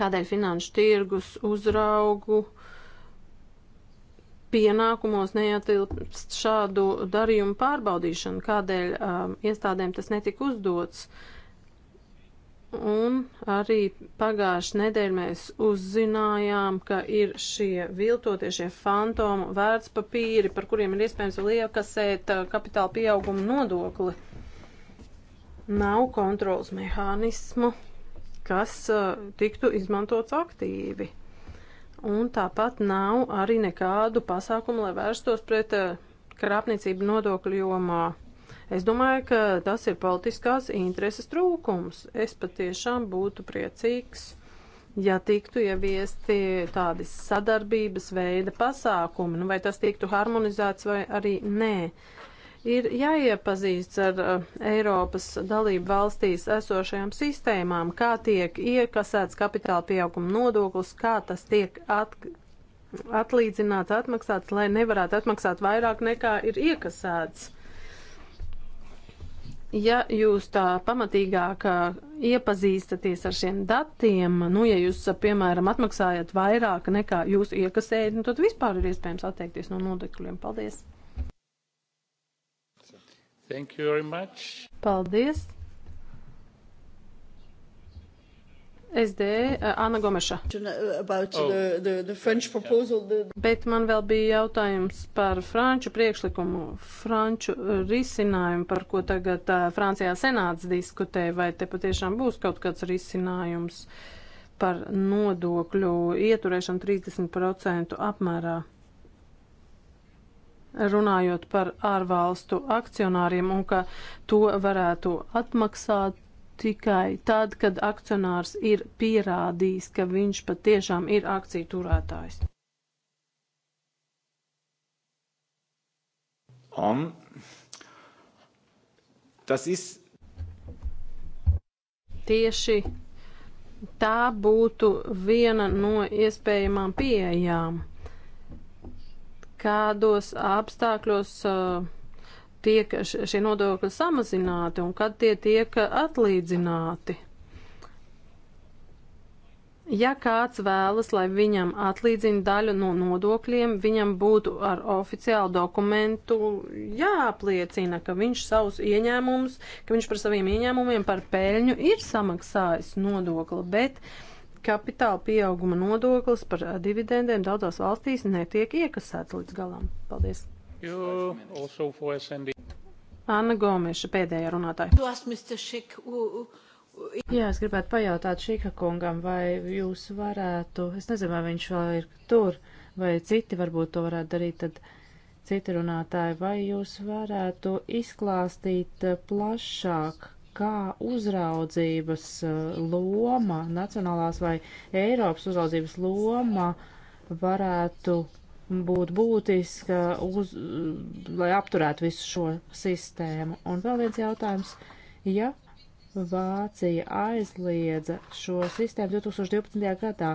kādēļ finanšu tirgus uzraugu pienākumos neietilpst šādu darījumu pārbaudīšanu, kādēļ um, iestādēm tas netika uzdots. Uh, Un arī pagājuši nedēļ mēs uzzinājām, ka ir šie viltotie, šie fantomu vērtspapīri, par kuriem ir iespējams vēl iekasēt uh, kapitāla pieauguma nodokli. Nav kontrols mehānismu, kas uh, tiktu izmantots aktīvi. Un tāpat nav arī nekādu pasākumu, lai vērstos pret uh, krāpniecību nodokļu jomā. Uh, Es domāju, ka tas ir politiskās intereses trūkums. Es patiešām būtu priecīgs, ja tiktu ieviesti tādi sadarbības veida pasākumi, nu vai tas tiktu harmonizēts vai arī nē ir jāiepazīst ar uh, Eiropas dalību valstīs esošajām sistēmām, kā tiek iekasēts kapitāla pieauguma nodoklis, kā tas tiek at, atlīdzināts, atmaksāts, lai nevarētu atmaksāt vairāk nekā ir iekasēts ja jūs tā pamatīgāk iepazīstaties ar šiem datiem, nu, ja jūs, piemēram, atmaksājat vairāk nekā jūs iekasējat, nu, tad vispār ir iespējams atteikties no nodokļiem. Paldies! Thank you very much! Paldies! SD, uh, eh, Anna Gomeša. About oh. the, the, the French proposal, the... Bet man vēl bija jautājums par franču priekšlikumu, franču eh, risinājumu, par ko tagad uh, Francijā senāts diskutē, vai te patiešām būs kaut kāds risinājums par nodokļu ieturēšanu 30% apmērā. Runājot par ārvalstu akcionāriem un ka to varētu atmaksāt tikai tad, kad akcionārs ir pierādījis, ka viņš patiešām ir akciju turētājs. Um, tas ir tieši tā būtu viena no iespējamām pieejām. Kādos apstākļos uh, tiek šie nodokļi samazināti un kad tie tiek atlīdzināti. Ja kāds vēlas, lai viņam atlīdzina daļu no nodokļiem, viņam būtu ar oficiālu dokumentu jāapliecina, ka viņš savus ieņēmumus, ka viņš par saviem ieņēmumiem, par peļņu ir samaksājis nodokli, bet kapitāla pieauguma nodoklis par dividendēm daudzās valstīs netiek iekasēts līdz galam. Paldies! You also for SND. Anna Gomeša, pēdējā runātāja. Jā, es gribētu pajautāt Šika kungam, vai jūs varētu, es nezinu, vai viņš vēl ir tur, vai citi varbūt to varētu darīt, tad citi runātāji, vai jūs varētu izklāstīt eh, plašāk, kā uzraudzības eh, loma, nacionālās vai Eiropas uzraudzības loma varētu būtu būtiska, uz, lai apturētu visu šo sistēmu. Un vēl viens jautājums. Ja Vācija aizliedza šo sistēmu 2012. gadā,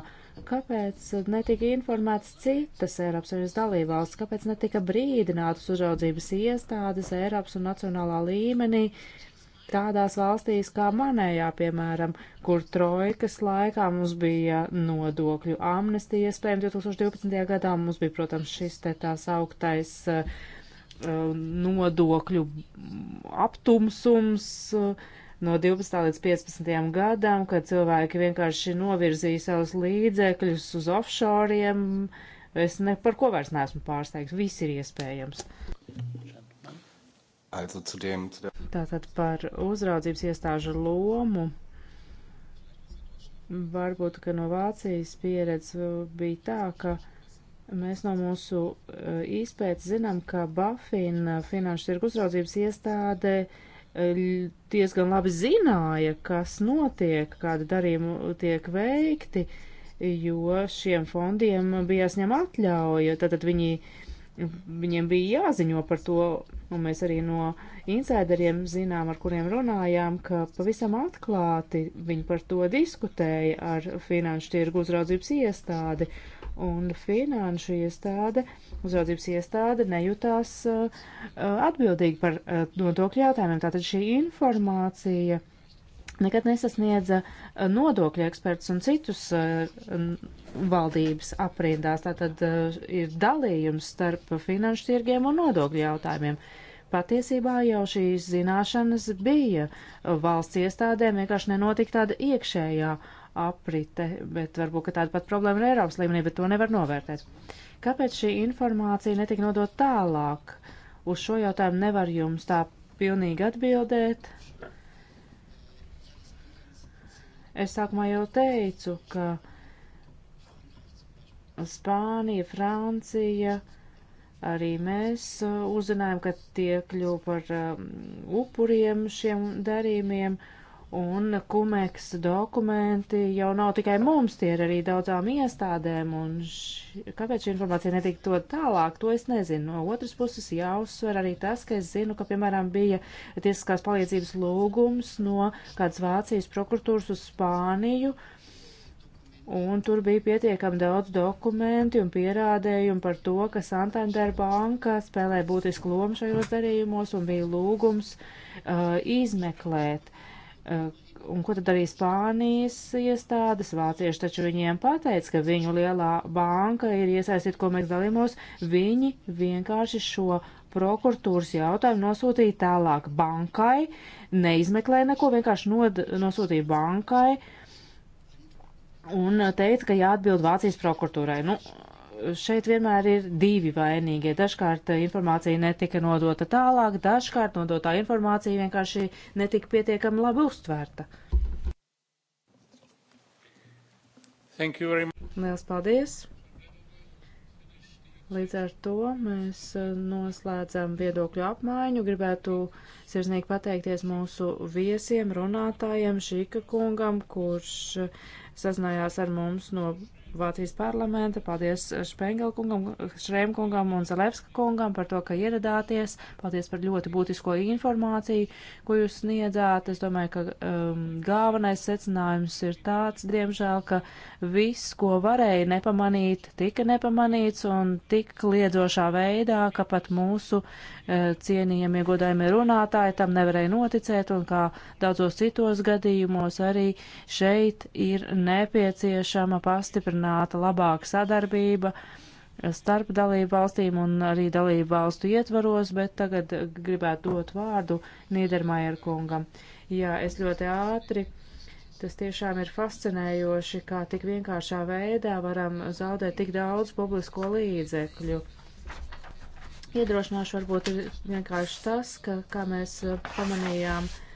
kāpēc netika informētas citas Eiropas Savienības dalībvalsts, kāpēc netika brīdinātas uzraudzības iestādes Eiropas un nacionālā līmenī, uh, tādās valstīs kā manējā, piemēram, kur trojkas laikā mums bija nodokļu amnestija, iespējams, 2012. gadā mums bija, protams, šis te tās augtais uh, nodokļu aptumsums. Uh, no 12. līdz 15. gadam, kad cilvēki vienkārši novirzīja savus līdzekļus uz offshoriem, es ne par ko vairs neesmu pārsteigts. Viss ir iespējams also zu dem. Zu der Tātad par uzraudzības iestāžu lomu. Varbūt, ka no Vācijas pieredze bija tā, ka mēs no mūsu eh, izpētes zinām, ka Bafin eh, finanšu tirgu uzraudzības iestādē eh, diezgan labi zināja, kas notiek, kādi darījumi tiek veikti, jo šiem fondiem bija jāsņem atļauja. Tātad viņi uh, viņiem bija jāziņo par to, un mēs arī no insēderiem zinām, ar kuriem runājām, ka pavisam atklāti viņi par to diskutēja ar finanšu tirgu uzraudzības iestādi, un finanšu iestāde, uzraudzības iestāde nejūtās uh, uh atbildīgi par uh, nodokļu jautājumiem. Tātad šī informācija uh, nekad nesasniedza eh, nodokļu eksperts un citus eh, valdības aprindās. Tātad eh, ir dalījums starp finanšu tirgiem un nodokļu jautājumiem. Patiesībā jau šīs zināšanas bija valsts iestādēm, vienkārši nenotika tāda iekšējā aprite, bet varbūt tāda pat problēma ir Eiropas līmenī, bet to nevar novērtēt. Kāpēc šī informācija netika nodot tālāk? Uz šo jautājumu nevar jums tā pilnīgi atbildēt Es sākumā jau teicu, ka Spānija, Francija, arī mēs uh, uzzinājām, ka tie kļūpa par um, upuriem šiem darījumiem. Uh, Un kumeks dokumenti jau nav tikai mums, tie ir arī daudzām iestādēm, un š... kāpēc šī informācija netika to tālāk, to es nezinu. No otras puses jāuzsver arī tas, ka es zinu, ka, piemēram, bija tiesiskās palīdzības lūgums no kādas Vācijas prokuratūras uz Spāniju, un tur bija pietiekami daudz dokumenti un pierādējumi par to, ka Santander banka spēlē būtisku lomu šajos darījumos, un bija lūgums uh, izmeklēt Eh, un ko tad arī Spānijas iestādes? Vācieši taču viņiem pateica, ka viņu lielā banka ir iesaistīta komeks dalījumos. Viņi vienkārši šo prokuratūras jautājumu nosūtīja tālāk bankai, neizmeklēja neko, vienkārši nod, nosūtīja bankai. Un teica, ka jāatbild Vācijas prokuratūrai. Nu, šeit vienmēr ir divi vainīgie. Dažkārt eh, informācija netika nodota tālāk, dažkārt nodotā informācija vienkārši netika pietiekami labi uztvērta. Lielas paldies! Līdz ar to mēs eh, noslēdzam viedokļu apmaiņu. Gribētu sirsnīgi pateikties mūsu viesiem, runātājiem, Šīka kungam, kurš eh, sazinājās ar mums no Vācijas parlamenta. Paldies Špengelkungam, Šrēmkungam un Zalevska kungam par to, ka ieradāties. Paldies par ļoti būtisko informāciju, ko jūs sniedzāt. Es domāju, ka um, galvenais secinājums ir tāds, diemžēl, ka viss, ko varēja nepamanīt, tika nepamanīts un tik liedzošā veidā, ka pat mūsu uh, cienījamie godājumie runātāji tam nevarēja noticēt un kā daudzos citos gadījumos arī šeit ir nepieciešama pastiprināšana nodrošināta labāka sadarbība eh, starp dalību valstīm un arī dalību valstu ietvaros, bet tagad gribētu dot vārdu Nīdermajer kungam. Jā, es ļoti ātri. Tas tiešām ir fascinējoši, kā tik vienkāršā veidā varam zaudēt tik daudz publisko līdzekļu. Iedrošināšu varbūt ir vienkārši tas, ka, kā mēs eh, pamanījām, uh,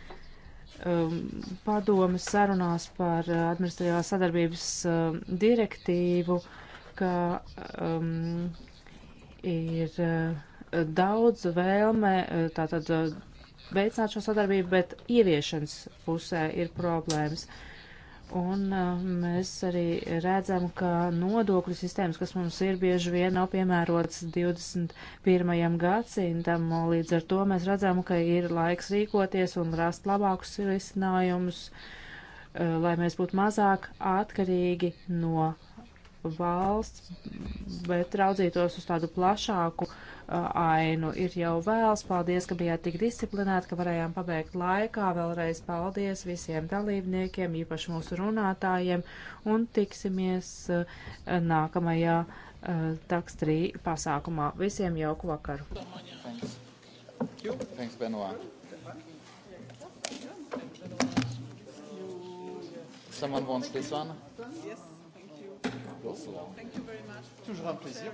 Um, padomas sarunās par uh, administratīvās sadarbības um, direktīvu, ka um, ir uh, daudz vēlme uh, tātad veicināt šo sadarbību, bet ieviešanas pusē ir problēmas. Uh, Un uh, mēs arī redzam, ka nodokļu sistēmas, kas mums ir bieži vien nav piemērotas 21. gadsimtam, līdz ar to mēs redzam, ka ir laiks rīkoties un rast labākus risinājumus, uh, lai mēs būtu mazāk atkarīgi no valsts, bet raudzītos uz tādu plašāku uh, ainu. Ir jau vēls, paldies, ka bijāt tik disciplinēti, ka varējām pabeigt laikā. Vēlreiz paldies visiem dalībniekiem, īpaši mūsu runātājiem, un tiksimies uh, nākamajā uh, takstrī pasākumā. Visiem jauku vakaru! Thanks. Thanks, Benoit. Someone wants this one? Bonsoir. Toujours un plaisir.